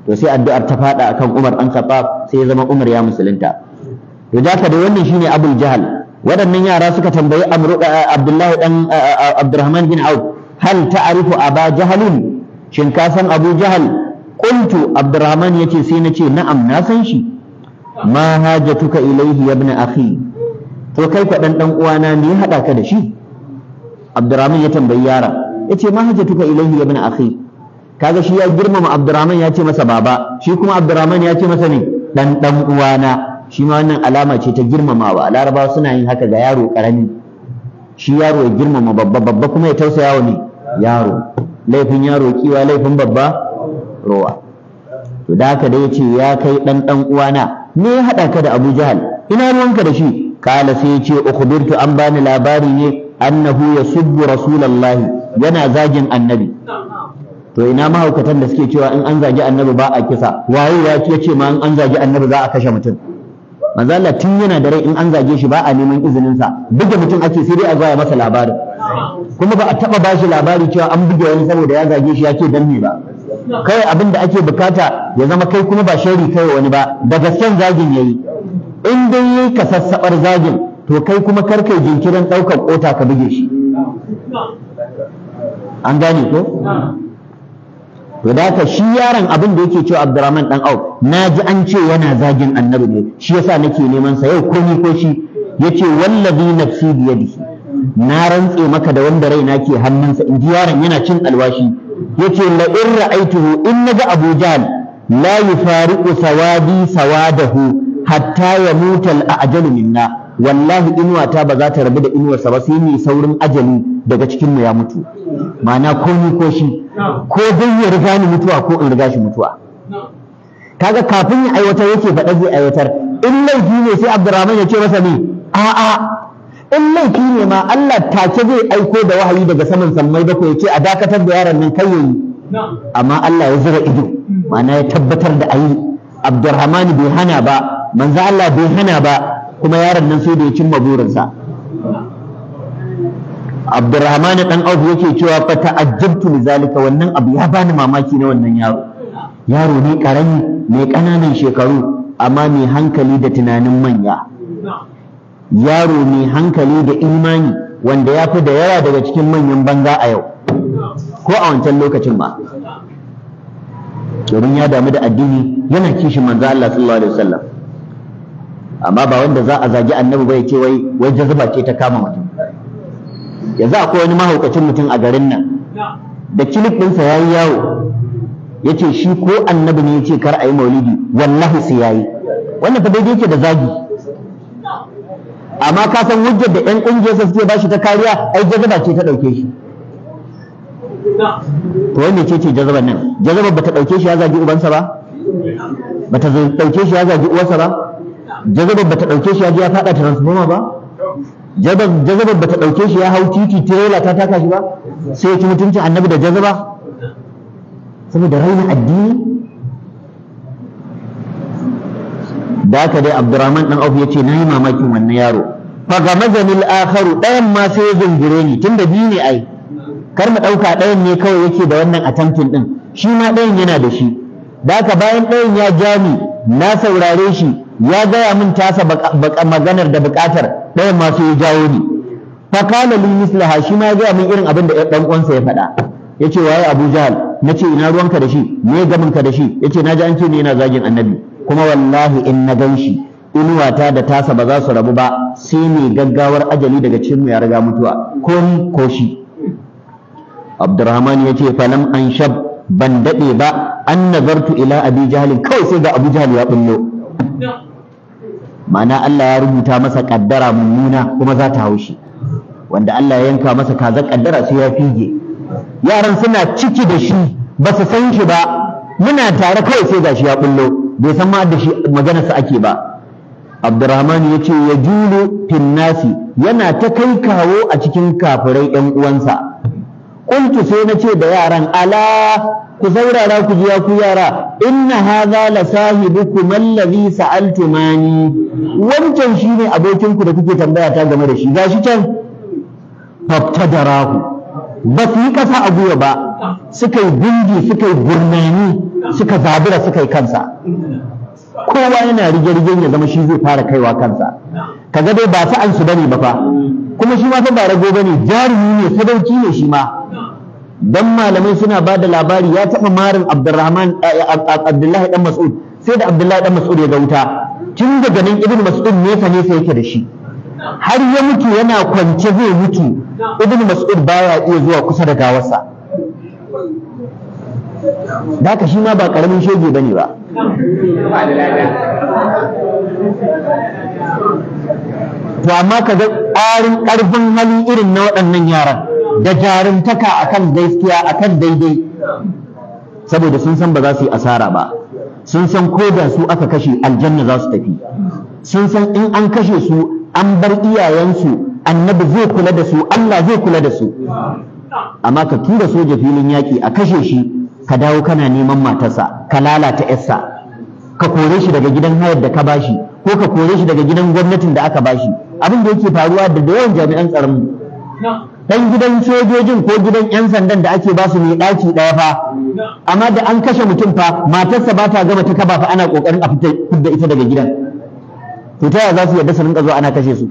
to sai addu'ar ta faɗa akan Umar an Khattab sai ya zama Umar ya musulunta to da ka da wannan shine abin Jahal waɗannan yara suka tambayi Amru eh, Abdullahi dan eh, eh, Abdurrahman bin Auf hal ta'rifu Aba Jahalun shin ka san Abu Jahal qultu Abdurrahman yace sai na ce na'am na san shi ma hajatuka ilaihi ya bani akhi to kai ka dan uwana ne ya haɗa ka da shi abdurrahman ya tambayi yara ce ma hajatuka ilaihi ya ibn akhi kaga shi ya girmama abdurrahman ya ce masa baba shi kuma abdurrahman ya ce masa ne dan dan uwana shi ma wannan alama ce ta girmamawa larabawa suna yin haka ga yaro karami shi yaro ya girmama babba babba kuma ya tausaya wa ne yaro laifin yaro kiwa laifin babba rowa to da haka dai ce ya kai dan dan uwana me ya haɗa ka da Abu Jahal ina ruwanka da shi kala sai ya ce ukhbirtu an bani labari ne annahu yasubbu rasulullahi yana zagin annabi to ina mahaukatan da suke cewa in an zagi annabi ba a kisa waye ya ce ma in an zagi annabi za a kashe mutum manzo tun yana da rai in an zage shi ba a neman izinin sa buga mutum ake sai dai a zaya masa labarin kuma ba a taba bashi labari cewa an buga wani saboda ya zage shi ya ke dan ba kai abin da ake bukata ya zama kai kuma ba shari kai wani ba da gasken zagin yayi in dai yi ka sassabar zagin to kai kuma kar kai jinkirin daukar kota ka buge shi an gane ko to da haka shi yaron abin da yake cewa Abdurrahman dan Auf na ji an ce yana zagin annabi ne shi yasa nake neman sa yau ko ni ko shi yace wallazi nafsi biyadihi na rantse maka da wanda raina ke hannunsa in yaron yana cin alwashi yake la in ra'aituhu in naga Abu Jahl la yufariqu sawadi sawadahu hatta yamuta al-ajalu minna wallahi inuwata ba za ta rabu da inuwarsa ba sai ni saurin ajali daga cikin mu ya mutu ma'ana ko ni ko shi ko dai ya riga ni mutuwa ko in riga shi mutuwa kaga kafin ya aiwatar yake faɗa zai aiwatar in laifi ne sai Abdurrahman ya ce masa ne a'a in laifi ne ma Allah take zai aiko da wahayi daga saman sammai bakwai ya ce a dakatar da yaron nan kai yayi amma Allah ya zura ido ma'ana ya tabbatar da ayi Abdurrahman bai hana ba manzo Allah bai hana ba kuma yaron nan sai da ya cimma burinsa Abdurrahman dan Abu yake cewa fa ta'ajjabtu li zalika wannan abu ya bani mamaki na wannan yaro yaro ne karami mai kananan shekaru amma mai hankali da tunanin manya yaro mai hankali da imani wanda ya fi da yawa daga cikin manyan banza a yau ko a wancan lokacin ba domin ya damu da addini yana kishin manzo Allah sallallahu alaihi wasallam amma ba wanda za a zagi annabi ba ya ce wai wai jazuba ce ta kama mutum yanzu akwai wani mahaukacin mutum a garin nan da kilif ɗinsa ya yi yawo ya ce shi ko annabi ne ya ce kar a yi maulidi wallahi sai ya yi wannan fa daidai yake da zagi amma ka san hujjar da yan ƙungiyarsa suke ba shi ta kariya ai jazaba ce ta ɗauke shi to wai ce ce jazabar nan jazabar bata ɗauke shi ya zagi ubansa ba bata ɗauke shi ya zagi uwarsa ba jazabar bata ɗauke shi ya ji ya faɗa transformer ba jazabar bata ɗauke shi ya hau titi tirela ta taka shi ba sai ya ci mutuncin annabi da jazaba saboda raina addini da aka dai abdurrahman dan auf yace yi mamakin wannan yaro fa ga mazanil akharu ɗayan ma sai zungure ni tunda biyu ne ai kar mu ɗauka ɗayan ne kawai yake da wannan attempting ɗin. shi ma ɗayan yana da shi da aka bayan ɗayan ya ja ni na saurare shi ya gaya min tasa maganar da buƙatar ɗayan ma sai ya jawo ni fa kana li mislaha shi ma ya gaya min irin abin da ɗan uwansa ya faɗa yace waye Abu Jahal nace ina ruwanka da shi me gamin ka da shi na naji an ce ne yana zagin annabi kuma wallahi in na gan shi inuwata da tasa ba za su rabu ba sai ne gaggawar ajali daga cikin mu ya riga mutuwa ko ni ko shi Abdurrahman ya ce falam an shab ban daɗe ba an nazartu ila abi jahalin kawai sai ga abu jahal ya bullo ma'ana Allah ya rubuta masa kaddara mummuna kuma za ta haushi wanda Allah ya yanka masa kaza kaddara sai ya fige yaran suna ciki da shi ba su san shi ba muna tare kawai sai ga shi ya bullo bai san ma da shi maganarsa ake ba abdurrahman ya ce ya julu finnasi yana ta kai kawo a cikin kafirai yan uwansa kuntu sai na ce da yaran ala ku saurara ku ji ku yara inna hadha la sahibukum allazi sa'altumani wancan shine abokin ku da kuke tambaya ta game da shi gashi can fabtadarahu ba su yi ƙasa a gwiwa ba suka yi dingi suka yi gurnani suka zabira suka yi kansa kowa yana rige-rigen ya zama shi zai fara kaiwa kansa kaga dai ba an su bane ba fa kuma shi ma fa ba rago bane jarumi ne sadauki ne shi ma dan malamai suna ba da labari ya taɓa marin Abdullahi dan Mas'ud sai da Abdullahi dan Mas'ud ya ga wuta tun daga nan Ibin Mas'ud nesa nesa yake da shi har ya mutu yana kwance zai mutu ibn mas'ud baya iya zuwa kusa da gawarsa da shi ma ba karamin shege bane ba to amma ka ga ƙarin ƙarfin hali irin na waɗannan yaran da jarumtaka akan gaskiya akan daidai saboda sun san ba za su yi asara ba sun san ko da su aka kashe aljanna za su tafi sun san in an kashe su an bar iyayensu annabi zai kula da su Allah zai kula da su amma ka tura soja filin yaƙi a kashe shi ka dawo kana neman matarsa ka lalata yarsa ka kore shi daga gidan hayar da ka bashi ko ka kore shi daga gidan gwamnatin da aka bashi abin da yake faruwa da yawan jami'an tsaron mu dan gidan sojojin ko gidan yan sandan da ake basu ne ɗaki ɗaya fa amma da an kashe mutum fa matarsa ba ta gama ta kaba fa ana kokarin a fita da ita daga gidan to ta za su yarda su rinka zuwa ana kashe su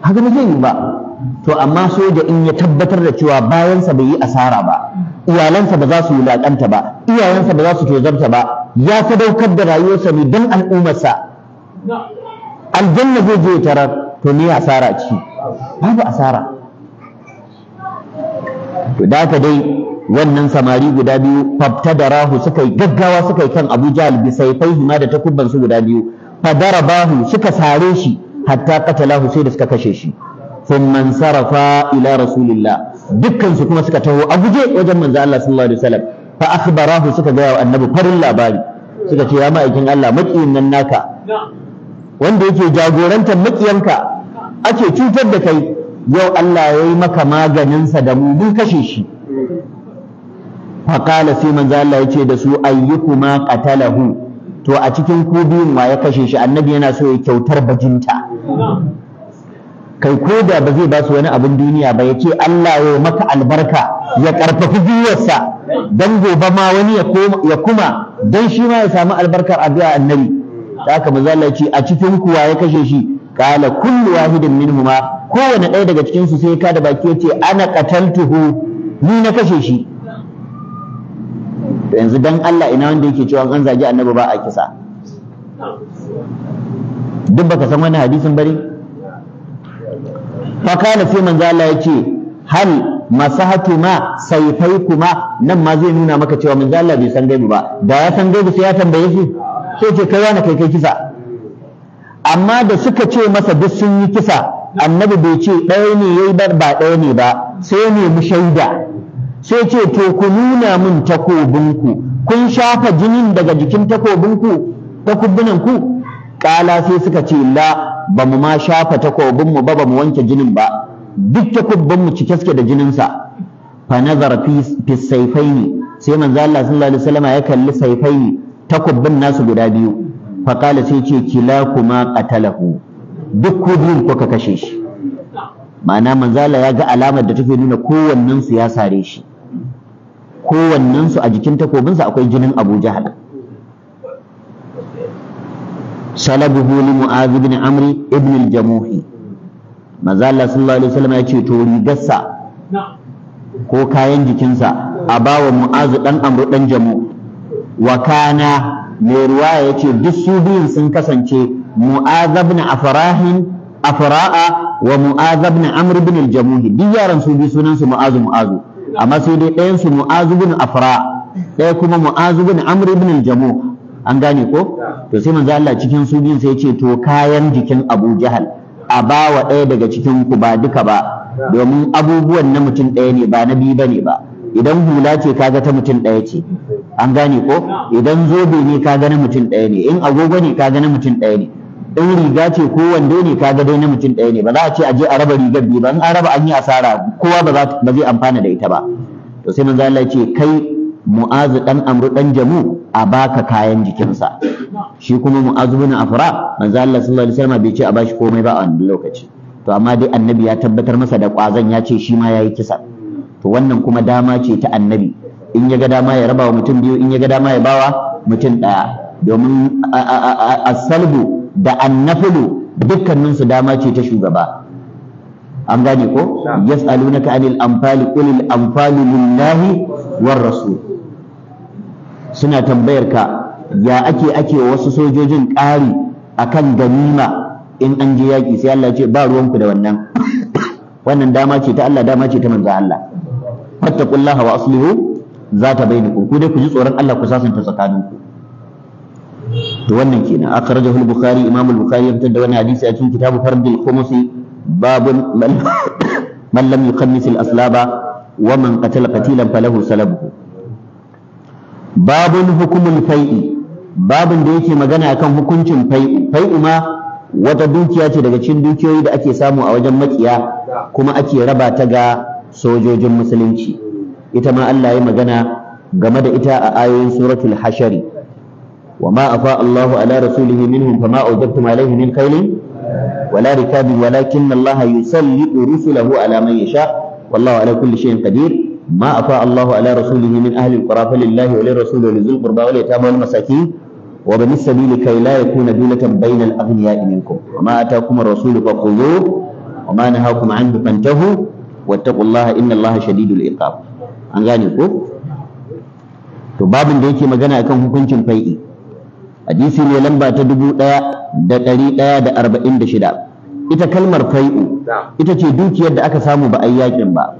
haka ne zai yi ba to amma soja in ya tabbatar da cewa bayansa bai yi asara ba iyalansa ba za su wulaƙanta ba iyayensa ba za su tozarta ba ya sadaukar da rayuwarsa ne don al'ummarsa aljanna zai je tarar to ne asara ci babu asara to da haka dai wannan samari guda biyu fabta da rahu suka gaggawa suka yi kan Abuja, albisaifai bi saifai da takubban su guda biyu fadarabahu suka sare shi hatta qatalahu sai da suka kashe shi thumma sarafa ila rasulillah dukkan su kuma suka taho a guje wajen manzo Allah sallallahu alaihi wasallam fa akhbarahu suka ga wa annabi farin labari suka ce ya ma'aikin Allah makiyin nan naka wanda yake jagorantar makiyanka ake cutar da kai yau Allah ya yi maka maganinsa da mu mun kashe shi faƙala sai manzo Allah ya ce da su ayyukuma qatalahu to a cikin ku biyun ma ya kashe shi annabi yana so ya kyautar bajinta kai ko da ba zai ba su wani abin duniya ba ya ce Allah ya maka albarka ya karfafi gwiwarsa don gobe ma wani ya kuma don shi ma ya samu albarkar addu'a annabi da haka maza Allah ce a cikin kuwa ya kashe shi kala kullu wahidin minhuma kowane ɗaya daga cikin su sai ka da baki yace ana qataltuhu ni na kashe shi to yanzu dan Allah ina wanda yake cewa an zagi annabi ba a kisa duk baka san wani hadisin bari fa kana sai manzo Allah yake hal ma sayfaykuma nan ma zai nuna maka cewa manzo Allah bai san gaibi ba da ya san gaibi sai ya tambaye shi sai ce kai wani kai kai kisa amma da suka ce masa duk sun yi kisa annabi bai ce ɗaya ne yayi ba ɗaya ne ba sai ne mu shaida sai ce to ku nuna min takobinku kun shafa jinin daga jikin takobinku takubbinanku kala sai suka ce la ba mu ma shafa takobinmu ba ba mu wanke jinin ba duk mu cike suke da jininsa fa nazar fi saifaini sai manzo Allah sallallahu alaihi wasallam ya kalli saifaini takubbin nasu guda biyu fa kala sai ce kilakuma qatalahu duk kudin kuka kashe shi ma'ana manzala ya ga alamar da take nuna kowannen ya sare shi kowannensu a jikin takobinsa akwai jinin abu jahal salabuhu li mu'az ibn amri ibn al-jamuhi manzo Allah sallallahu alaihi wasallam ya ce to rigarsa ko kayan jikinsa a bawa mu'az dan amru dan jamu wa kana mai ruwa ya ce duk su biyun sun kasance mu'azab na afarahin afara'a wa mu'azab na amr bin al-jamuhi duk yaran su bi sunan su mu'azu mu'azu amma sai dai ɗayan su mu'azu bin afra ɗaya kuma mu'azu bin amr ibn al an gane ko to sai manzo Allah cikin su biyun sai ya ce to kayan jikin Abu Jahal a bawa ɗaya daga cikin ku ba duka ba domin abubuwan na mutum ɗaya ne ba na biyu bane ba idan hula ce kaga ta mutum ɗaya ce an gane ko idan zobe ne kaga na mutum ɗaya ne in agogo ne kaga na mutum ɗaya ne Ɗan riga ce ko wando ne kaga dai na mutum ɗaya ne ba za a ce a je a raba rigar biyu ba in an raba an yi asara kowa ba zai amfana da ita ba to sai manzo Allah ce kai mu'azu dan amru dan jamu a baka kayan jikinsa shi kuma mu'azu bin afra manzo Allah sallallahu alaihi wasallam bai ce a bashi komai ba a wannan lokaci to amma dai annabi ya tabbatar masa da kwazon ya ce shi ma yayi kisa to wannan kuma dama ce ta annabi in ya ga dama ya raba wa mutum biyu in ya ga dama ya bawa mutum ɗaya domin asalbu da annafulu dukkanin su dama ce ta shugaba an gane ko yas'alunaka anil anfali qul al anfalu lillahi war rasul suna tambayar ka ya ake ake wasu sojojin ƙari akan ganima in an je yaƙi sai Allah ce ba ruwanku da wannan wannan dama ce ta Allah dama ce ta manzo Allah fattaqullaha wa aslihu zata bainakum ku dai ku ji tsoron Allah ku sasanta tsakaninku to wannan kenan akhrajahu al-bukhari imam al-bukhari ya fitar da wani hadisi a cikin kitabu fardil khumus babun man lam yuqannis al-aslaba wa man qatala qatilan falahu salabuhu babun hukumul fai'i babun da yake magana akan hukuncin fai'u fai'u ma wata dukiya ce daga cikin dukiyoyi da ake samu a wajen makiya kuma ake raba ta ga sojojin musulunci ita ma Allah ya magana game da ita a ayoyin suratul hashari وما أفاء الله على رسوله منهم فما أوجبتم عليه من خيل ولا ركاب ولكن الله يسلط رسله على من يشاء والله على كل شيء قدير ما أفاء الله على رسوله من أهل القرى فلله وللرسول ولذي القربى واليتامى والمساكين وبن السبيل كي لا يكون دولة بين الأغنياء منكم وما أتاكم الرسول فخذوه وما نهاكم عنه فانتهوا واتقوا الله إن الله شديد العقاب an gane ko to babin da yake magana akan hukuncin fai'i hadisi ne lamba ta dubu ɗaya da ɗari ɗaya da arba'in da shida ita kalmar fai'u ita ce dukiyar da aka samu ba a yi yakin ba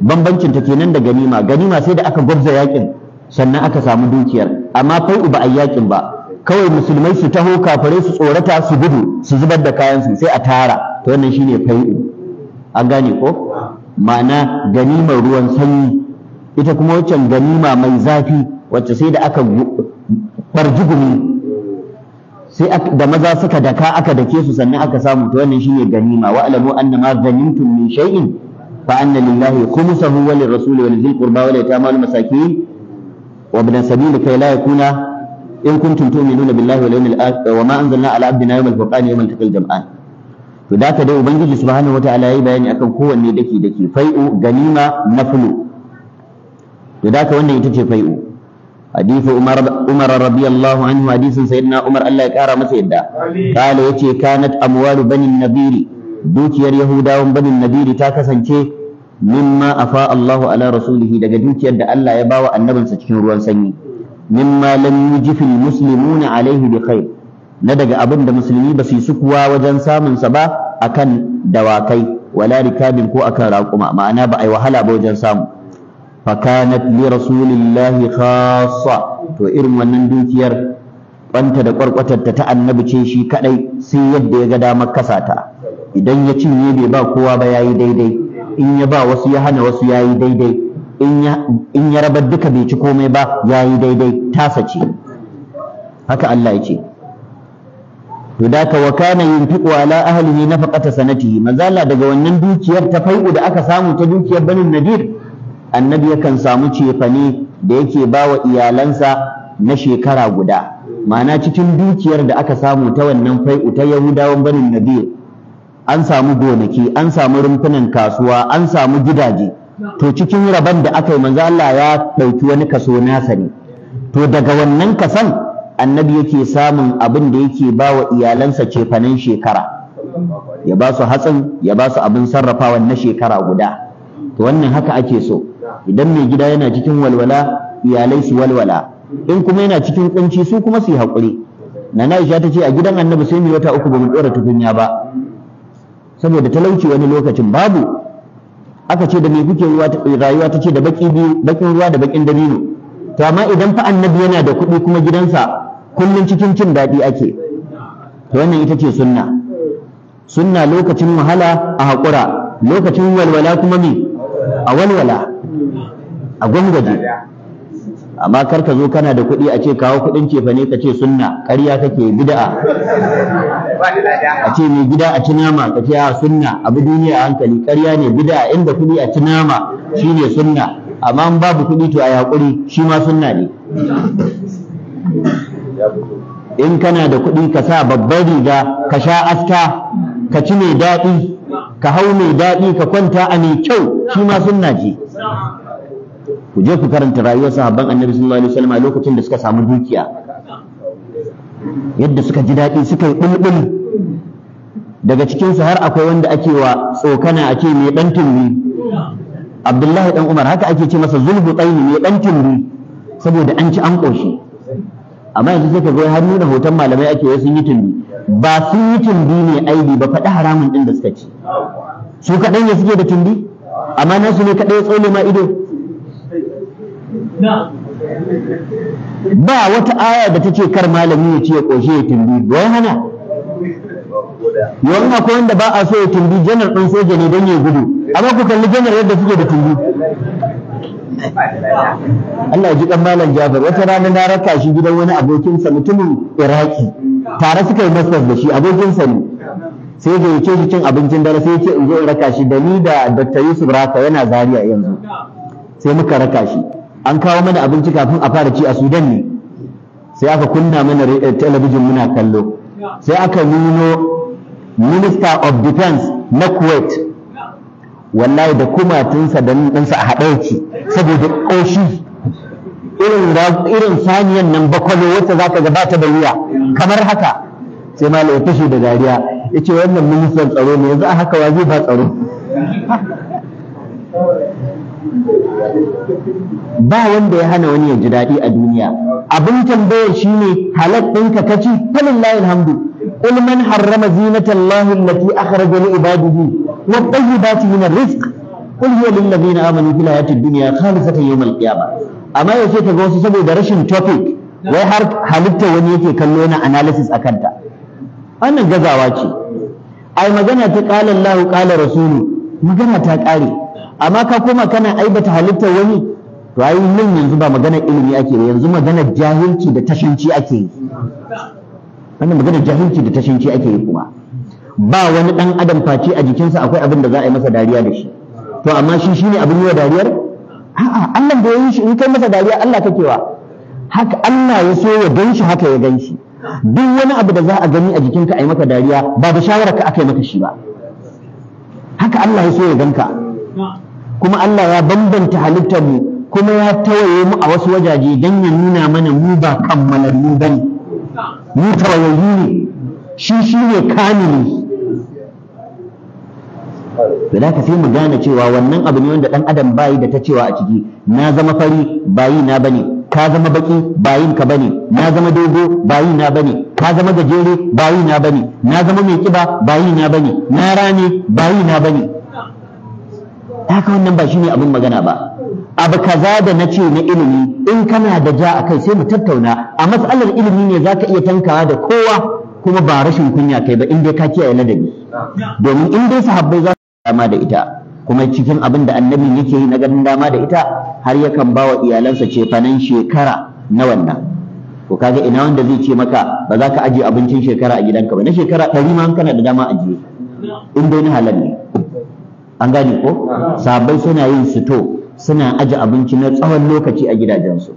bambancin ta kenan da ganima ganima sai da aka gwabza yakin sannan aka samu dukiyar amma fai'u ba a yi yakin ba kawai musulmai su taho kafare su tsorata su gudu su zubar da kayan su sai a tara to wannan shine fai'u an gane ko ma'ana ganimar ruwan sanyi ita kuma waccan ganima mai zafi wacce sai da aka barji gumi sai da maza suka daka aka dake su sannan aka samu to wannan shine ganima wa alamu anna ma ghanimtum min shay'in fa anna lillahi khumsahu wa lirrasuli wa lizil qurba wa litama wal masakin wa ibn sabil kay la yakuna in kuntum tu'minuna billahi wal yawmil akhir wa ma anzalna ala abdina yawmal furqan yawmal taqal jam'an to da ka dai ubangiji subhanahu wataala yayi bayani akan kowanne dake dake fai'u ganima naflu to da ka wannan ita ce fai'u حديث عمر عمر رضي الله عنه حديث سيدنا عمر الله يقرا مسا يدا قال يتي كانت اموال بني النبيل دوكيار يهودا بني النبيل تا كسانكي مما افاء الله على رسوله daga dukiyar da Allah ya bawa annabinsa cikin ruwan sanyi mimma lam yujif almuslimun alayhi bi na daga abin da musulmi ba su kuwa wajen samun sa ba akan dawakai wala rikabin ko akan raƙuma ma'ana ba yi wahala ba wajen samu fakanat li rasulillahi khassa to irin wannan dukiyar banta da kwarkwatarta ta annabi ce shi kadai sai yadda ya ga damar kasa ta idan ya cinye bai ba kowa ba yayi daidai in ya ba wasu ya hana wasu yayi daidai in ya rabar duka bai ci komai ba yayi daidai tasa ce haka Allah ya ce to da ka wakana yunfiqu ala ahlihi nafaqata sanatihi manzala daga wannan dukiyar ta fai'u da aka samu ta dukiyar banin nadir annabi yakan samu cefane da yake ba wa iyalansa na shekara guda ma'ana cikin dukiyar da aka samu ta wannan fai'u ta yahudawan barin nabi an samu gonaki an samu rumfunan kasuwa an samu gidaje to cikin rabon da aka yi manzo Allah ya ɗauki wani kaso nasa ne to daga wannan kasan annabi yake samun abin da yake ba wa iyalansa cefanen shekara ya ba su hatsin ya ba su abin sarrafawa na shekara guda to wannan haka ake so idan mai gida yana cikin walwala iyalai su walwala in kuma yana cikin kunci su kuma su yi haƙuri nana Aisha ta ce a gidan annabi sai mai wata uku ba mu ɗora tukunya ba saboda talauci wani lokacin babu aka ce da me kuke rayuwa ta ce da baki biyu bakin ruwa da bakin dabino to amma idan fa annabi yana da kuɗi kuma gidansa kullum cikin cin daɗi ake to wannan ita ce sunna sunna lokacin wahala a haƙura lokacin walwala kuma me a walwala a gwangwaje amma kar ka zo kana da kuɗi a ce kawo kuɗin cefa ne ka ce sunna ƙarya kake bid'a a ce mai gida a ci nama ka ce a sunna abu duniya a hankali ƙarya ne bida'a inda kuɗi a ci nama shine sunna amma in babu kuɗi to a yaƙuri shi ma sunna ne in kana da kuɗi ka sa babbar riga ka sha aska ka ci mai daɗi ka hau mai daɗi ka kwanta a mai kyau shi ma sunna ce ku je ku karanta rayuwar sahabban annabi sallallahu alaihi wasallam a lokacin da suka samu dukiya yadda suka ji daɗi suka yi bulbul daga cikinsu har akwai wanda ake wa tsokana ake mai ɗan tumbi abdullahi ɗan umar haka ake ce masa zulhu tsaini mai ɗan tumbi saboda an ci an ƙoshi amma yanzu sai ka ga har nuna hoton malamai ake wai sun yi tumbi ba sun yi tumbi ne aibi ba faɗi haramun ɗin da suka ci su kaɗan ya suke da tumbi amma su ne kaɗai tsole ma ido ba wata aya da ta ce kar malami ya ce ya ƙoshe ya tumbi don hana yawan akwai wanda ba a so ya tumbi janar ɗin soja ne don ya gudu amma ku kalli janar yadda suke da tundu. Allah ji dan malam Jabir wata rana na raka shi gidan wani abokinsa mutumin Iraki tare suka yi masters da shi abokinsa ne sai da yake cikin cin abincin dare sai yake in zo in raka shi da ni da Dr. Yusuf Raka yana Zaria yanzu sai muka raka shi an kawo mana abinci kafin a fara ci a Sudan ne sai aka kunna mana eh, talabijin muna kallo sai aka nuno Minister of Defense na Kuwait wallahi da kumatunsa da ninsa a haɗe saboda ƙoshi irin irin saniyan nan bakwalo wacce za ka gabata da wuya kamar haka sai ma ya fashe da dariya ya ce wannan ministan tsaro ne yanzu a haka wa zai ba tsaro ba wanda ya hana wani ya ji daɗi a duniya abin tambayar shine ne halal ɗinka ka ci falin alhamdu قل من harrama زينة الله التي أخرج ibadihi والطيبات من الرزق قل هو للذين امنوا في الحياه الدنيا خالصه يوم القيامه amma yace kaga wasu saboda rashin topic wai har halitta wani yake kallo na analysis a kanta wannan gazawa ce ai magana ta qala Allahu qala rasulu magana ta kare amma ka koma kana aibata halittar wani to ai nan yanzu ba magana ilimi ake yi wannan magana jahilci da tashanci ake yi kuma ba wani ɗan adam face a jikinsa akwai abin da za a yi masa dariya da shi to amma shi shine abin wa dariyar a'a Allah da ya yi shi in kai masa dariya Allah take wa haka Allah ya so ya gan haka ya ganshi. duk wani abu da za a gani a jikinka a yi maka dariya ba da shawara ka aka yi maka shi ba haka Allah ya so ya ganka kuma Allah ya bambanta halittar mu kuma ya tawaye mu a wasu wajaje don ya nuna mana mu ba kammalar ba ne mu tawayayyu ne shi shi ne kamili da da sai mu gane cewa wannan abu ne wanda dan adam bayi da ta cewa a ciki na zama fari bayi na bane ka zama baki bayin ka bane na zama dogo bayi na bane ka zama gajere bayi na bane na zama mai kiba bayi na bane na rane bayi na bane haka wannan ba shine abin magana ba abu kaza da na ce na ilimi in kana da ja a kai sai mu tattauna a matsalar ilimi ne zaka iya tankawa da kowa kuma ba rashin kunya kai ba in dai ka kiyaye ladabi domin in dai sahabbai dama da ita kuma cikin abin da annabi yake yi na ganin dama da ita har yakan ba wa iyalansa cefanen shekara na wannan ko kaga ina wanda zai ce maka ba za ka ajiye abincin shekara a gidanka ba na shekara ɗari ma kana da dama ajiye in dai na halal ne an gane ko sabai suna yin sito suna aje abinci na tsawon lokaci a gidajensu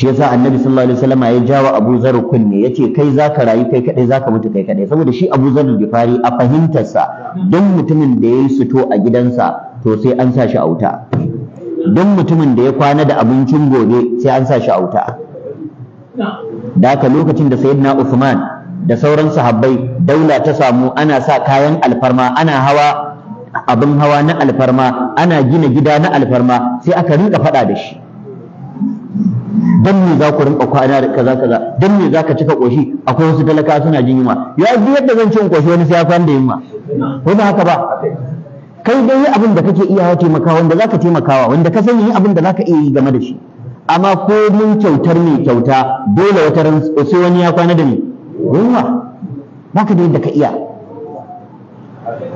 shi yasa annabi sallallahu alaihi wasallam ya jawo Abu Zar kunne yace kai zaka rayu kai kadai zaka mutu kai kadai saboda shi Abu Zar Gifari a fahimtarsa don mutumin da yayi suto a gidansa to sai an sa shi a wuta don mutumin da ya kwana da abincin gobe sai an sa shi a wuta da haka lokacin da sayyidina Uthman da sauran sahabbai daula ta samu ana sa kayan alfarma ana hawa abin hawa na alfarma ana gina gida na alfarma sai aka rinka faɗa da shi dan me za ku rinka kwana da kaza kaza dan me za ka cika koshi akwai wasu talaka suna jin yunwa ya ji yadda zan cin koshi wani sai ya kwana da yunwa ko ba haka ba kai dai abin da kake iyawa taimakawa wanda za ka taimakawa wanda ka sani abin da ka iya yi game da shi amma ko mun kyautar ne kyauta dole wata ran sai wani ya kwana da ni yunwa ka da yadda ka iya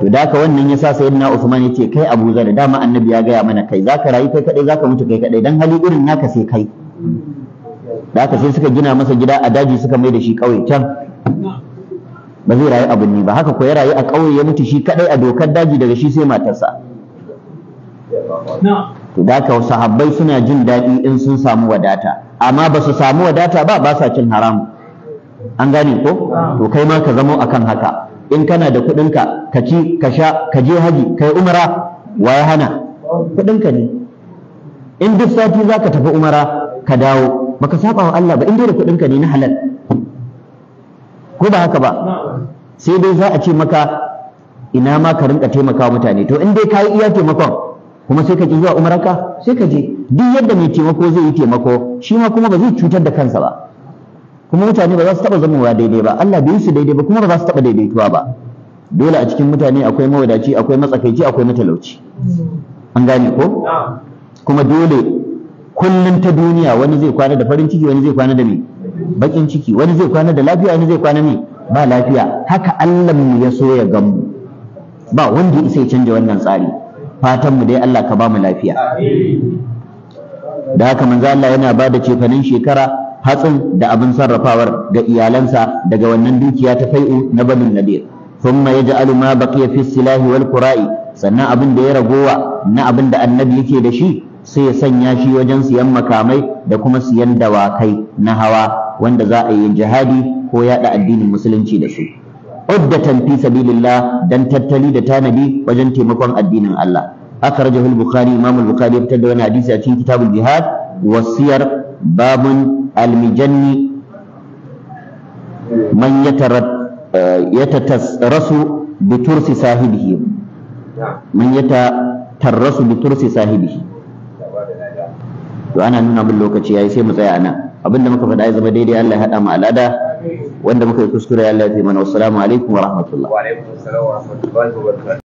to da haka wannan yasa sayyidina Usman yace kai Abu Zar dama annabi ya gaya mana kai zaka rayu kai kadai zaka mutu kai kadai dan hali irin naka sai kai da haka sai suka gina masa gida a daji suka mai da shi ƙauye can ba zai rayu abin ne ba haka ko ya rayu a ƙauye ya mutu shi kadai a dokar daji daga shi sai matarsa to da haka sahabbai suna jin daɗi in sun samu wadata amma ba su samu wadata ba ba sa cin haramu an gane ko to kai ma ka zamo akan haka in kana da kuɗinka ka ci ka sha ka je haji kai umara wa ya hana kuɗinka ne in duk sati za ka tafi umara ka dawo baka saba wa Allah ba in dai da kuɗin ka ne na halal ko ba haka ba sai dai za a ce maka ina ma ka rinka taimakawa mutane to in dai kayi iya taimakon kuma sai ka je zuwa umarka sai ka je duk yadda mai taimako zai yi taimako shi ma kuma ba zai cutar da kansa ba kuma mutane ba za su taba zamowa daidai ba Allah bai su daidai ba kuma ba za su taba daidaituwa ba dole a cikin mutane akwai mawadaci akwai matsakaici akwai matalauci an gane ko kuma dole kullum ta duniya wani zai kwana da farin ciki wani zai kwana da me bakin ciki wani zai kwana da lafiya wani zai kwana ne ba lafiya haka Allah mu ya so ya gamu ba wanda isa ya canja wannan tsari fatan mu dai Allah ka ba mu lafiya da haka manzo Allah yana ba da cefanin shekara hatsin da abin sarrafawar ga iyalansa daga wannan dukiya ta fai'u na banin nadir thumma yaj'alu ma baqiya fi silahi wal qura'i sannan abin da ya ragowa na abin da annabi yake da shi sai ya sanya shi wajen siyan makamai da kuma siyan dawakai na hawa wanda za a yi jihadi ko yaɗa addinin musulunci da su uddatan fi sabilillah dan tattali da tanadi wajen taimakon addinin Allah akhrajahu al-bukhari imam bukhari ya da wani hadisi a cikin kitabul jihad wasiyar babun al-mijanni man eh, yatatarrasu bi tursi sahibihi man yatatarrasu bi tursi sahibihi to ana nuna min lokaci yayi sai mu tsaya nan abinda muka faɗa ya zama daidai Allah ya haɗa mu alada wanda muka yi kuskure Allah ya fi mana wassalamu alaikum wa rahmatullah wa alaikum assalam wa rahmatullahi